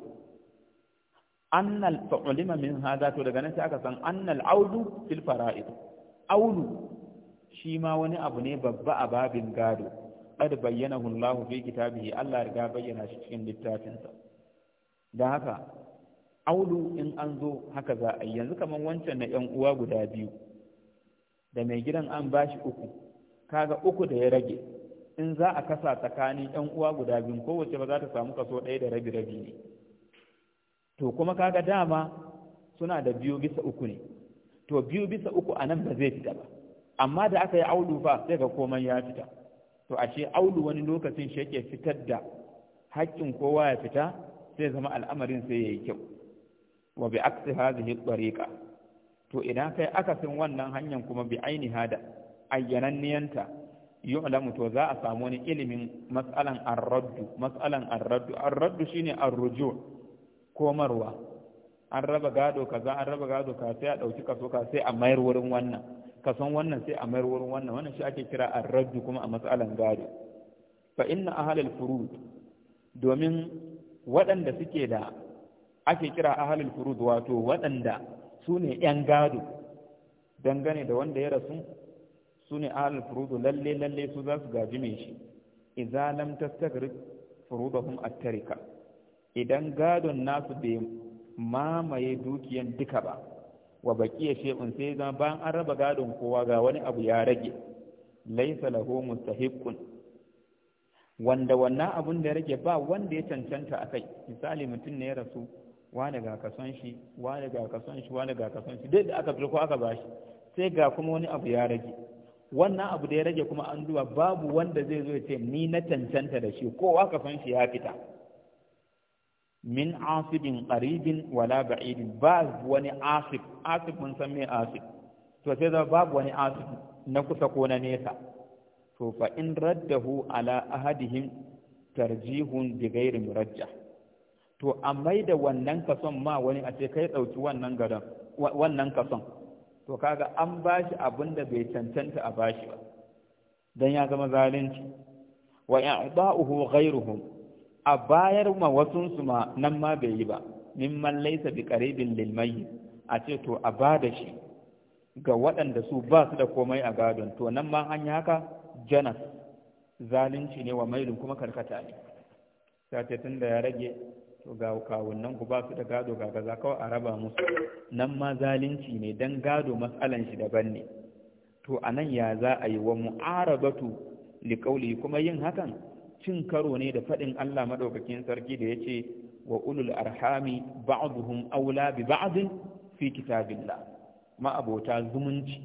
annal fa'ulima min hada to daga nan sai aka san annal audu fil fara'id audu shi ma wani abu ne babba a babin gado qad bayyanahu Allah fi kitabihi Allah ya bayyana shi cikin littafinsa dan haka audu in an zo haka za a yanzu kaman wancan na ƴan uwa guda biyu da mai gidan an bashi uku kaga uku da ya rage in za a kasa tsakanin yan uwa guda biyu kowace ba za ta samu kaso ɗaya da rabi rabi ne to kuma kaga dama suna da biyu bisa uku ne to biyu bisa uku a nan ba zai fita ba amma da aka yi aulu ba, sai ga komai ya fita to ashe aulu wani lokacin shi yake fitar da haƙƙin kowa ya fita sai zama al'amarin sai ya yi kyau wa bi aksi hadhihi tariqa to idan kai akasin wannan hanyar kuma bi ainiha da ayyananniyanta yu'lamu to za a samu wani ilimin mas'alan ar-raddu mas'alan ar-raddu ar-raddu shine ar-ruju komarwa an raba gado kaza an raba gado ka sai a dauki kaso ka sai a mayar wurin wannan kason wannan sai a mayar wurin wannan wannan shi ake kira ar-raddu kuma a mas'alan gado fa inna ahlal furud domin waɗanda suke da ake kira ahlal furud wato waɗanda su ne 'yan gado dangane da wanda ya rasu su ne ahalul furudu lalle lalle su za su gaji mai shi idza lam tastagrib furudahum at-tarika idan gadon nasu bai mamaye dukiyan duka ba wa baqiya shay'un sai zama bayan an raba gadon kowa ga wani abu ya rage laysa lahu mustahiqun wanda wannan abun da ya rage ba wanda ya cancanta a kai misali mutum ne ya rasu wani ga kason shi wani ga kason shi wani ga kason shi duk da aka ko aka bashi sai ga kuma wani abu ya rage wannan abu da ya rage kuma an zuwa babu wanda zai zo ce ni na cancanta da shi kowa ka san shi ya fita min asibin qaribin wala ba'idin ba wani asib asib mun san me asib to sai da babu wani asib na kusa ko na nesa to fa in raddahu ala ahadihim tarjihun bi ghairi murajjah to a da wannan kason ma wani a ce kai dauki wannan garan wannan kason to kaga an bashi abin da bai tantanta a bashi ba dan ya zama zalunci wa i'da'uhu ghayruhum a bayar ma wasun su ma nan ma bai yi ba mimman laysa bi qaribin lil a ce to a bada shi ga waɗanda su ba su da komai a gadon to nan ma an haka janas zalunci ne wa mailin kuma karkata ne sace tun da ya rage to ga kawunan ku ba su da gado ga gaza kawai a raba musu nan ma zalunci ne dan gado matsalan shi daban ne to a nan ya za a yi wa mu'arabatu liƙauli, kuma yin hakan cin karo ne da faɗin Allah madaukakin sarki da yace wa ulul arhami ba'dhum aula bi ba'd fi kitabillah ma abota zumunci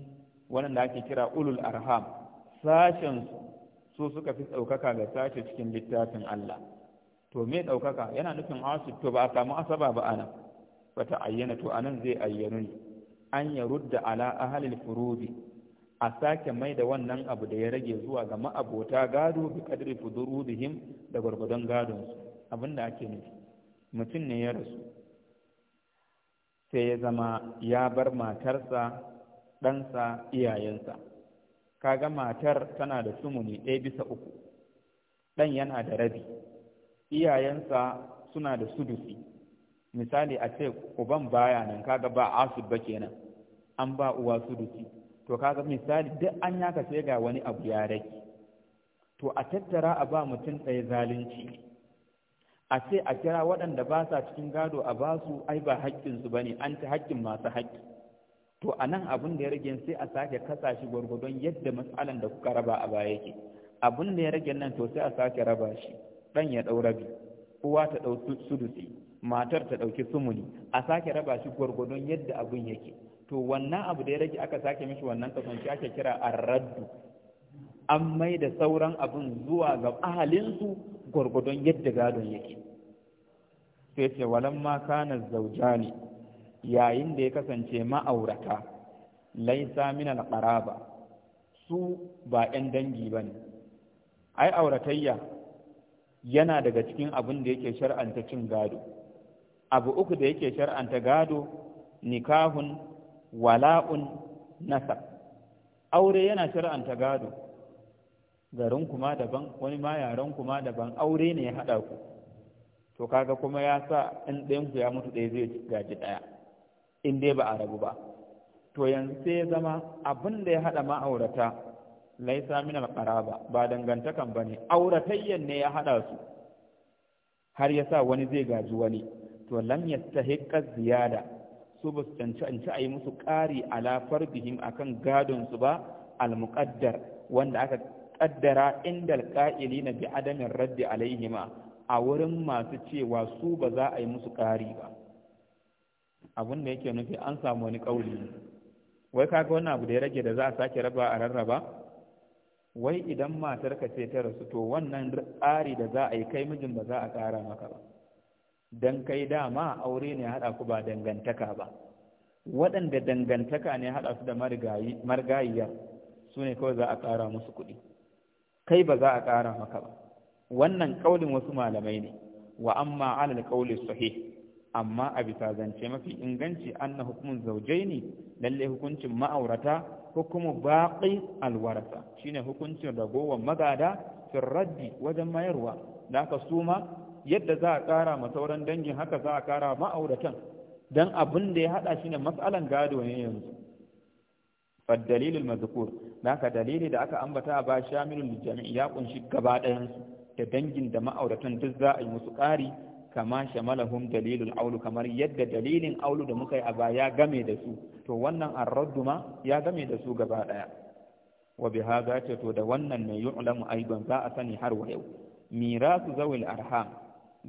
wannan da ake kira ulul arham sashen su suka fi tsaukaka ga sashe cikin littafin Allah to me ɗaukaka yana nufin asib to ba a samu asaba ba ana ba ta ayyana to anan zai ayyanu ne an ya rudda ala ahalil furudi a sake mai da wannan abu da ya rage zuwa ga ma'abota gado bi kadri fudurudihim da gwargwadon gadon su abin da ake nufi mutum ne ya rasu sai ya zama ya bar matarsa ɗansa iyayensa kaga matar tana da sumuni ɗaya bisa uku ɗan yana da rabi iyayensa suna da sudusi misali a ce uban baya nan kaga ba asu ba kenan an ba uwa sudusi to kaga misali duk an yaka sai ga wani abu ya rage to a tattara a ba mutum ɗaya zalunci a ce a kira waɗanda ba sa cikin gado a basu su ai ba haƙƙinsu ba ne an ta haƙƙin masu haƙƙi to a nan abin da ya rage sai a sake kasa shi gwargwadon yadda matsalan da kuka raba a baya yake Abun da ya rage nan to sai a sake raba shi ɗan ya ɗau rabi uwa ta ɗau sudusi matar ta ɗauki sumuni a sake raba shi gwargwadon yadda abin yake to wannan abu da ya rage aka sake mishi wannan kason shi ake kira arraddu an mai da sauran abin zuwa ga ahalinsu gwargwadon yadda gadon yake sai ce walan ma kana ne yayin da ya kasance ma'aurata laisa min alqaraba su ba 'yan dangi bane ai auratayya yana daga cikin abin da yake shar'anta cin gado abu uku da yake shar'anta gado nikahun wala'un nasab aure yana shar'anta gado garin kuma daban wani ma yaren kuma daban aure ne ya haɗa ku to kaga kuma ya sa in ɗayan ku ya mutu ɗaya zai gaji ɗaya in dai ba a rabu ba to yanzu sai ya zama abin da ya haɗa ma'aurata laisa min alqaraba ba dangantakan bane auratayyan ne ya hada su har yasa wani zai gaji wani to lam yastahiqqa ziyada su ba su cancanci a yi musu ƙari ala fardihim akan gadon su ba almuqaddar wanda aka kaddara inda na bi adamin raddi alaihima a wurin masu cewa su ba za a yi musu ƙari ba abin da yake nufi an samu wani ƙauli wai kaga wannan abu da ya rage da za a sake raba a rarraba wai idan matarka ce ta rasu to wannan tsari da za a yi kai mijin ba za a ƙara maka ba don kai dama aure ne haɗa ku ba dangantaka ba waɗanda dangantaka ne haɗa su da marigayiya su ne kawai za a ƙara musu kuɗi kai ba za a ƙara maka ba wannan ƙaulin wasu malamai ne wa amma alal ƙauli sahih amma a bisa zance mafi inganci anna hukumin zaujaini lalle hukuncin ma'aurata hukumu baƙi alwarasa shine hukuncin ragowar magada fin raddi wajen mayarwa da aka suma yadda za a ƙara ma sauran dangin haka za a ƙara ma'auratan don abin da ya haɗa shine matsalan gado ne yanzu dalilin mazkur da aka dalili da aka ambata ba shamilul jami'i ya ƙunshi gaba ɗayansu da dangin da ma'auratan duk za a yi musu ƙari kama shamalahum dalilul aulu kamar yadda dalilin aulu da muka yi a baya game da su to wannan arraddu ma ya game da su gaba daya wa bi hada ta to da wannan ne yu'lamu aidan za a sani har wa yau mirasu zawil arham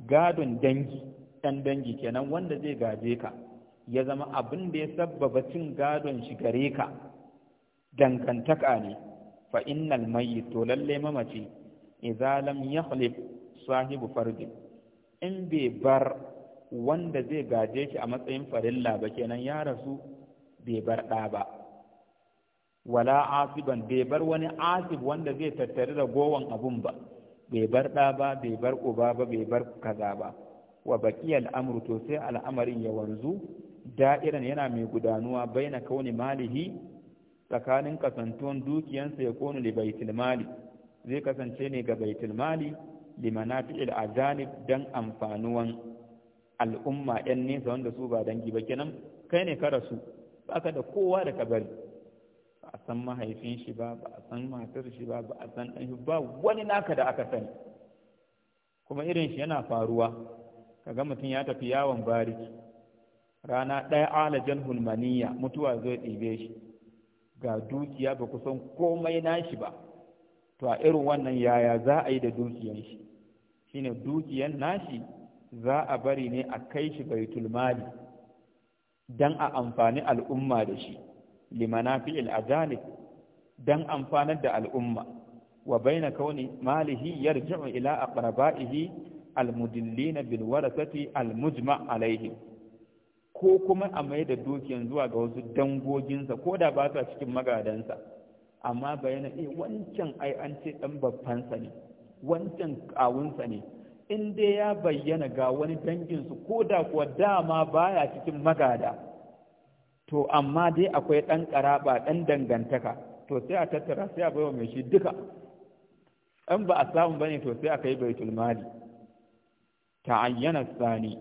gadon dangi dan dangi kenan wanda zai gaje ka ya zama abin da ya sabbaba cin gadon shi gare ka dangantaka ne fa innal mayyit to lalle mamaci idza lam yakhlif sahibu fardin in bai bar wanda zai gaje shi a matsayin farilla ba kenan ya rasu bai bar ɗa ba wala asiban bai bar wani asib wanda zai tattare da ragowan abun ba bai bar ɗa ba bai bar uba ba bai bar kaza ba wa baƙi al'amuru to sai al'amarin ya wanzu da'iran yana mai gudanuwa baina kauni malihi tsakanin kasantuwan dukiyansa ya kone li baitul mali zai kasance ne ga baitul mali limanafi'il azanib dan amfanuwan al'umma yan nesa wanda su ba dangi ba kenan kai ne ka rasu baka da kowa da ka bari ba a san mahaifin shi ba ba a san matar shi ba ba a san ɗan shi ba wani naka da aka sani kuma irin shi yana faruwa kaga mutum ya tafi yawon bariki rana ɗaya alajan hulmaniya mutuwa zai ɗebe shi ga dukiya ba kusan komai nashi ba to a irin wannan yaya za a yi da dukiyan shi shine dukiyan nashi za a bari ne a kai shi baitul mali dan a amfani al'umma da shi limanafi'il ajalib dan amfanar da al'umma wa baina kauni malihi yarji'u ila aqraba'ihi almudillina bil warasati almujma alaihim ko kuma a mai da dukiyan zuwa ga wasu dangoginsa ko da ba sa cikin magadansa amma bayyana eh wancan ai an ce dan sa ne wancan kawunsa ne in dai ya bayyana ga wani dangin su koda kuwa dama baya cikin magada to amma dai akwai ɗan karaba ɗan dangantaka to sai a tattara sai a baiwa mai shi duka an ba a samu bane to sai a kai baitul mali ta ayyana sani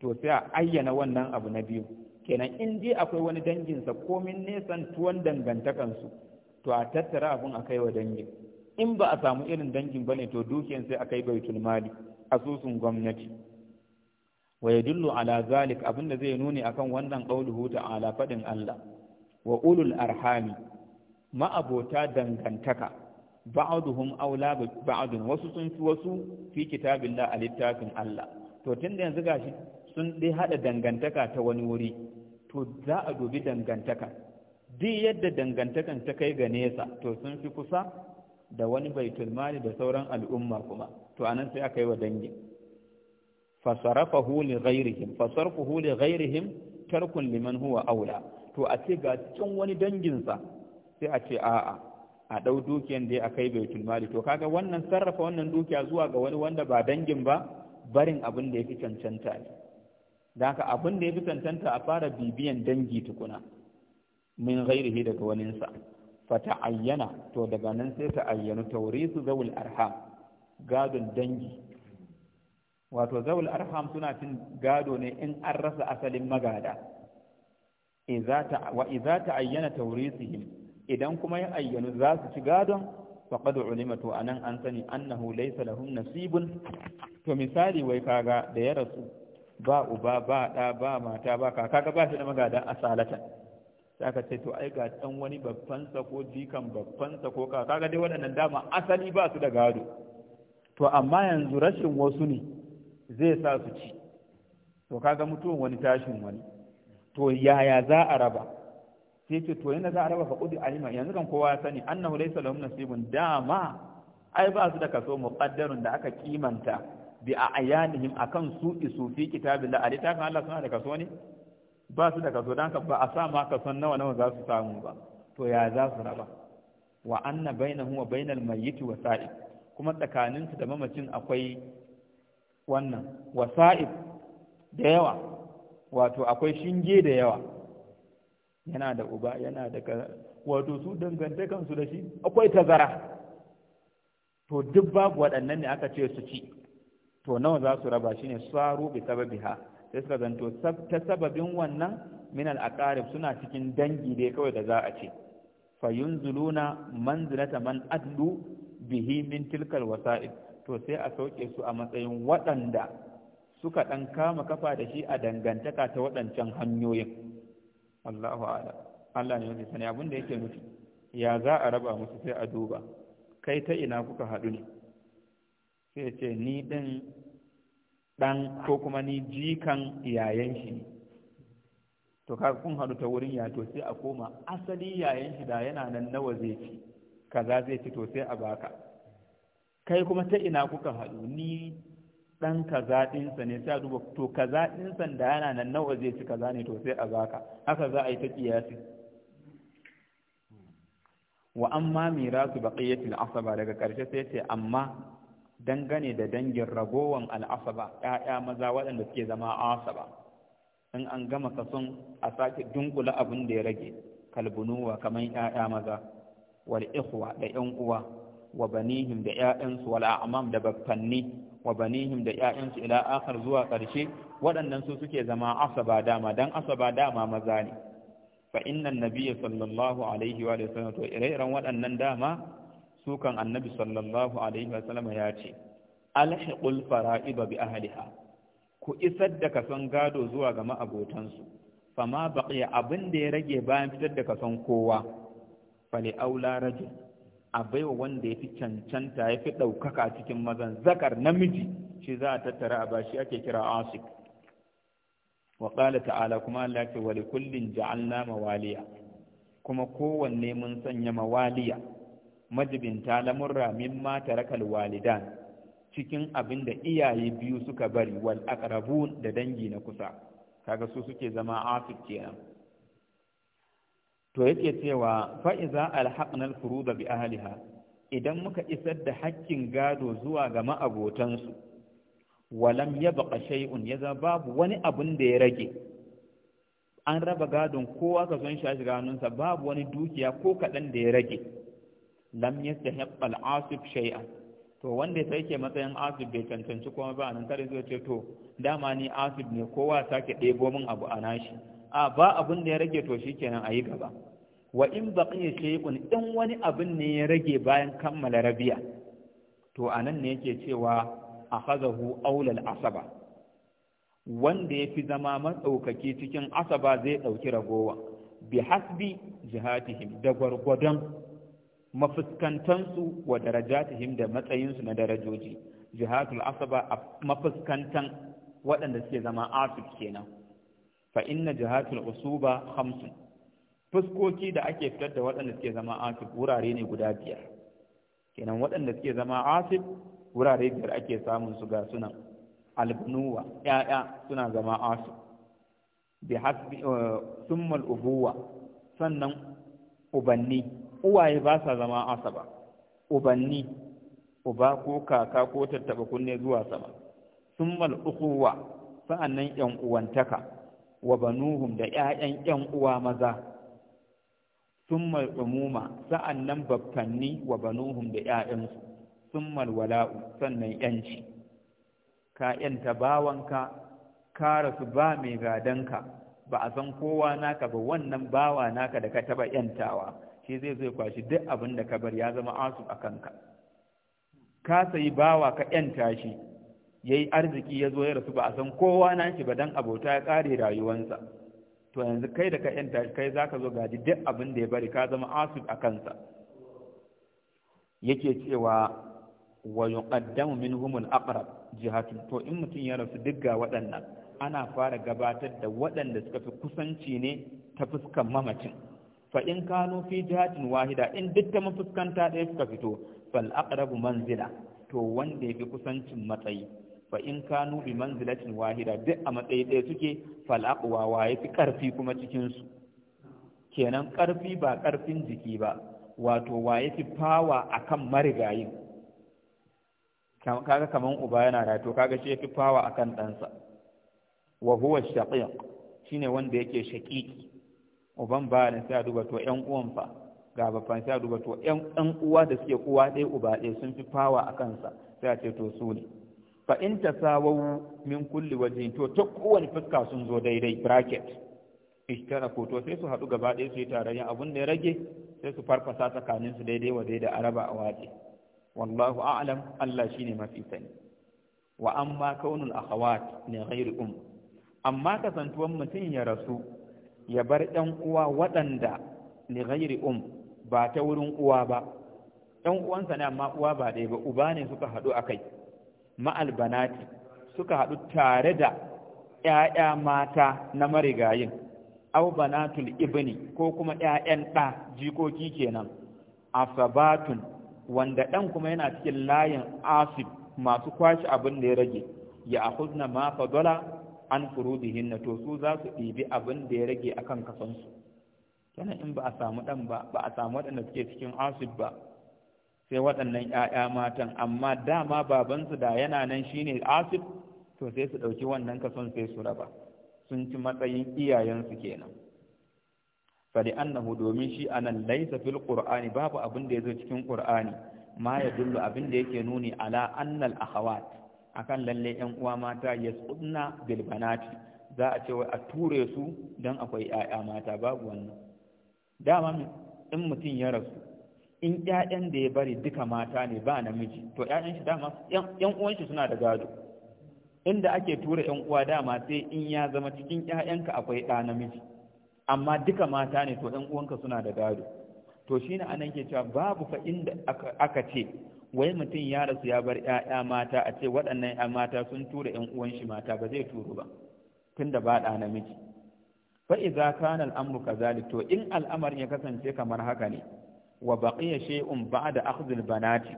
to sai a ayyana wannan abu na biyu kenan in dai akwai wani danginsa komin nesan tuwon su to a tattara abin a kai wa dangin in ba a samu irin dangin ba ne to dukiyan sai a kai baitul mali asusun gwamnati wa ya dillu ala zalik abin da zai nuni akan wannan huta ala faɗin Allah wa ulul arhami ma'abota dangantaka ba'aduhum aula ba'adun wasu sun fi wasu fi kitabillah a littafin Allah to tun da yanzu gashi sun dai hada dangantaka ta wani wuri to za a dubi dangantaka duk yadda dangantakan ta kai ga nesa to sun fi kusa da wani baitul mali da sauran al'umma kuma to anan sai aka yi wa dangi fasarafahu li ghairihim fasarfuhu li ghairihim tarkun liman huwa aula to a ce ga cikin wani danginsa sai a ce a'a a ɗau dukiyan da ya kai baitul mali to kaga wannan sarrafa wannan dukiya zuwa ga wani wanda ba dangin ba barin abin da ya fi cancanta ne da haka abin da ya fi cancanta a fara bibiyan dangi tukuna min ghairihi daga waninsa fata ayyana to daga nan sai ta ayyana taurisu zawul arham gadon dangi wato zawul arham suna cin gado ne in an rasa asalin magada wa iza ta ayyana idan kuma ya ayyanu za su ci gadon faqad ulima to anan an sani annahu laysa lahum nasibun to misali wai kaga da ya rasu ba uba ba da ba mata ba kaka ba shi da magada asalatan sai aka ce to ai ga dan wani babbansa ko jikan babbansa ko ka kaga dai waɗannan dama asali ba su da gado to amma yanzu rashin wasu ne zai sa su ci to kaga mutuwan wani tashin wani to yaya za a raba sai ce to yana za a raba fa kudi alima yanzu kan kowa ya sani annahu laysa lahum nasibun dama ai ba su da kaso muqaddarun da aka kimanta bi a ayanihim akan su isu fi kitabillah a Allah suna da kaso ne ba su da kaso don ba a sa ma kason nawa nawa za su samu ba to ya za su raba wa bai anna bainahu wa bainal mayyiti wasa'id kuma tsakaninsu da mamacin akwai wannan wasa'id da yawa wato akwai shinge da yawa yana da uba yana da wato su dangantakansu da shi akwai tazara to duk babu waɗannan ne aka ce su ci to nawa za su raba shi ne saru bi ha sai suka zanto ta sababin wannan minal al suna cikin dangi dai kawai da za a ce fayunzuluna manzilata man zinata man adlu bihi min tilkal wasa'id to sai a sauke su a matsayin waɗanda suka ɗan kama kafa da shi a dangantaka ta waɗancan hanyoyin Allahu Allah ne sani abin da yake nufi ya za a raba musu sai a duba kai ta ina kuka haɗu ne sai ce ni ɗin ɗan ko kuma ni jikan yayan shi to ka kun haɗu ta wurin ya to sai a koma asali yayan shi da yana nan nawa zai ci kaza zai ci to sai a baka kai kuma ta ina kuka haɗu ni ɗan kaza ɗinsa ne sai a duba to kaza ɗinsa da yana nan nawa zai ci kaza ne to sai a baka haka za a yi ta kiyasi wa amma mirasu baqiyatil asaba daga ƙarshe sai ce amma dangane da dangin ragowan al'asaba ƴaƴa maza waɗanda suke zama asaba in an gama kason a sake dunkula abin da ya rage kalbunuwa kamar ƴaƴa maza wal ikhwa da ‘yan uwa wa banihim da ‘ya'yansu wal a'mam da baffanni wa banihim da ‘ya'yansu ila akhar zuwa ƙarshe waɗannan su suke zama asaba dama dan asaba dama maza ne fa innan nabiyyu sallallahu alaihi wa sallam to ire-iren waɗannan dama sukan annabi sallallahu alaihi wa wasallam ya ce alhiqul fara'iba bi ahliha ku isar da kason gado zuwa ga ma'abotansu ma baqiya abin da ya rage bayan fitar da kason kowa fali aula rajul a baiwa wanda ya fi cancanta ya fi ɗaukaka cikin mazan zakar namiji shi za a tattara a bashi ake kira asik wa qala ta'ala kuma Allah ce wa kullin ja'alna mawaliya kuma kowanne mun sanya mawaliya majibinta lamurra mimma tarakal walidan cikin abin da iyaye biyu suka bari wal aqrabun da dangi na kusa kaga su suke zama asif kenan to yake cewa fa iza alhaqna al-furuda bi ahliha idan muka isar da haƙƙin gado zuwa ga ma'abotansu walam ya baƙa shay'un ya zama babu wani abun da ya rage an raba gadon kowa ka son shi shiga hannunsa babu wani dukiya ko kaɗan da ya rage lam yastahiq al-asib shay'an to wanda sai ke matsayin asib bai cancanci kuma ba nan kare zai ce to dama ni asib ne kowa sake ɗebo min abu a nashi a ba abin da ya rage to shikenan ayi gaba wa in baqiya shay'un in wani abin ne ya rage bayan kammala rabiya to anan ne yake cewa akhazahu aulal asaba wanda yafi zama matsaukaki cikin asaba zai ɗauki ragowa bi hasbi jihatihim da gwargwadon mafuskantansu wa darajatihim da matsayinsu na darajoji jihatul asaba a mafuskantan waɗanda suke zama asib kenan fa inna jihatul usuba hamsin fuskoki da ake fitar da waɗanda suke zama asib wurare ne guda biyar kenan waɗanda suke zama asib wurare biyar ake samun su ga sunan albunuwa ‘ya'ya suna zama asib bi hasbi summal eh, ubuwa sannan ubanni uwaye ba sa zama asaba ubanni uba ko kaka ko tattaba kunne zuwa sama sun mal'ukuwa sa'annan ‘yan uwantaka wa banuhum da ‘ya'yan ‘yan uwa maza sun mal'umuma sa'annan babbanni wa banuhum da ‘ya'yansu sun malwala'u sannan ‘yanci ka ‘yanta bawanka ka rasu ba mai gadanka ba a san kowa naka ba wannan bawa naka da ka taɓa ‘yantawa ke zai ya kwashi duk abin da ka bar ya zama asu a kanka ka sayi bawa ka tashi shi yi arziki ya zo ya rasu ba a san kowa na shi ba dan abota ya kare rayuwansa to yanzu kai da ka yanta shi kai za ka zo gaji duk abin da ya bari ka zama asu a kansa yake cewa wa ƙaddamu min humul aqrab jihatun to in mutum ya rasu duk ga waɗannan ana fara gabatar da waɗanda suka fi kusanci ne ta fuskan mamacin fa in kanu fi jihatin wahida in duk ta mafuskanta ɗaya suka fito fal aqrabu manzila to wanda yafi kusancin matsayi fa in kanu bi manzilatin wahida duk a matsayi ɗaya suke fal aqwa wa yafi karfi kuma cikin su kenan karfi ba karfin jiki ba wato wa yafi fawa akan marigayin kaga kaman uba yana da to kaga shi yafi fawa akan ɗansa wa huwa shaqiq shine wanda yake shaqiqi uban ba da sai a duba to ƴan uwan fa ga babban sai a duba to ƴan uwa da suke uwa ɗaya uba ɗaya sun fi fawa a kansa sai a ce to su ne fa in tasawu min kulli waje to ta kowane fuska sun zo daidai bracket ko to sai su haɗu gaba ɗaya su yi tarayya abun da ya rage sai su farfasa tsakanin su daidai wa daidai a raba a waje wallahu a'lam Allah shine mafi sani wa amma kaunul akhawat ne ghairu um amma kasantuwan mutum ya rasu ya bar ɗan uwa waɗanda ni gairi um ba ta wurin uwa ba ɗan uwansa ne amma uwa ba ɗaya ba uba ne suka haɗu a kai ma'albanati suka haɗu tare da ‘ya'ya mata na marigayin au banatul ibni ko kuma ‘ya'yan ɗa jikoki kenan asabatun wanda ɗan kuma yana cikin layin asib masu kwashi abin da ya rage ya akhudna ma dola. an furudihin na to su za su ɗibi abin da ya rage a kan kasansu kenan in ba a samu ɗan ba ba a samu waɗanda suke cikin asib ba sai waɗannan ‘ya'ya matan amma dama babansu da yana nan shi ne asib to sai su ɗauki wannan kason sai su raba sun ci matsayin iyayensu kenan fali annahu domin shi nan laisa fil qur'ani babu abin da ya zo cikin qur'ani ma ya dullu abin da yake nuni ala annal akhawat akan lalle yan uwa mata ya bil bilbanati za a ce wai a ture su dan akwai ƴaƴa mata babu wannan dama in mutum ya rasu in ƴaƴan da ya bari duka mata ne ba namiji to ƴaƴan shi dama ƴan uwan shi suna da gado inda ake tura ƴan uwa dama sai in ya zama cikin ƴaƴanka akwai ɗa namiji amma duka mata ne to ƴan uwanka suna da gado to shine anan ke cewa babu fa inda aka ce wai mutum ya rasu ya bar ‘ya'ya mata a ce waɗannan ‘ya mata sun tura ‘yan uwan shi mata ba zai turu ba tun da ba ɗa namiji fa'iza kana al'amru zali to in al'amarin ya kasance kamar haka ne wa baqiya shay'un ba'da akhdhil banati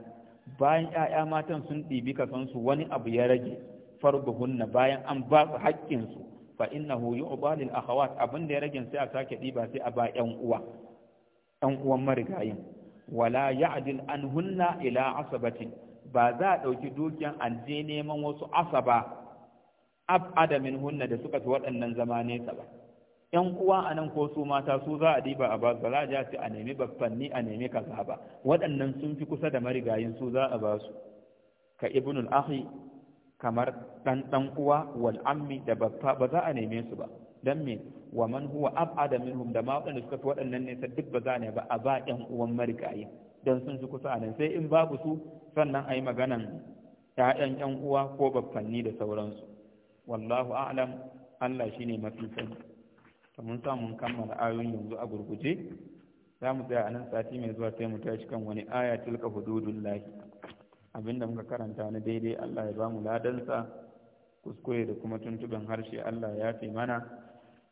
bayan ‘ya'ya matan sun ɗibi su wani abu ya rage farbuhunna bayan an ba su haƙƙinsu fa innahu yu'ba lil akhawat abin da ya rage sai a sake ɗiba sai a ba ‘yan uwa ‘yan uwan marigayin wala ya'dil anhunna ila asabatin ba za a ɗauki dukiyan an neman wasu asaba ab adamin hunna da suka fi waɗannan zama nesa ba ‘yan uwa a nan ko su mata su za a diba a ba su za a ja a nemi babbanni a nemi kaza ba waɗannan sun fi kusa da marigayin su za a ba su ka ibnul ahi kamar ɗan ɗan uwa wal ammi da baffa ba za a neme su ba dan me wa man huwa ab'ada minhum da ma waɗanda suka fi waɗannan nesa duk ba za ne ba a ba ɗan uwan marigayi dan sun ji kusa nan sai in babu su sannan ayi yi maganan ‘ya'yan ‘yan uwa ko baffanni da sauransu wallahu a'lam Allah shine mafi sani mun sa mun kammala ayoyin yanzu a gurguje za mu tsaya a nan sati mai zuwa sai mu tashi kan wani aya tilka hududun lahi abinda muka karanta na daidai Allah ya ba mu ladansa kuskure da kuma tuntuban harshe Allah ya fi mana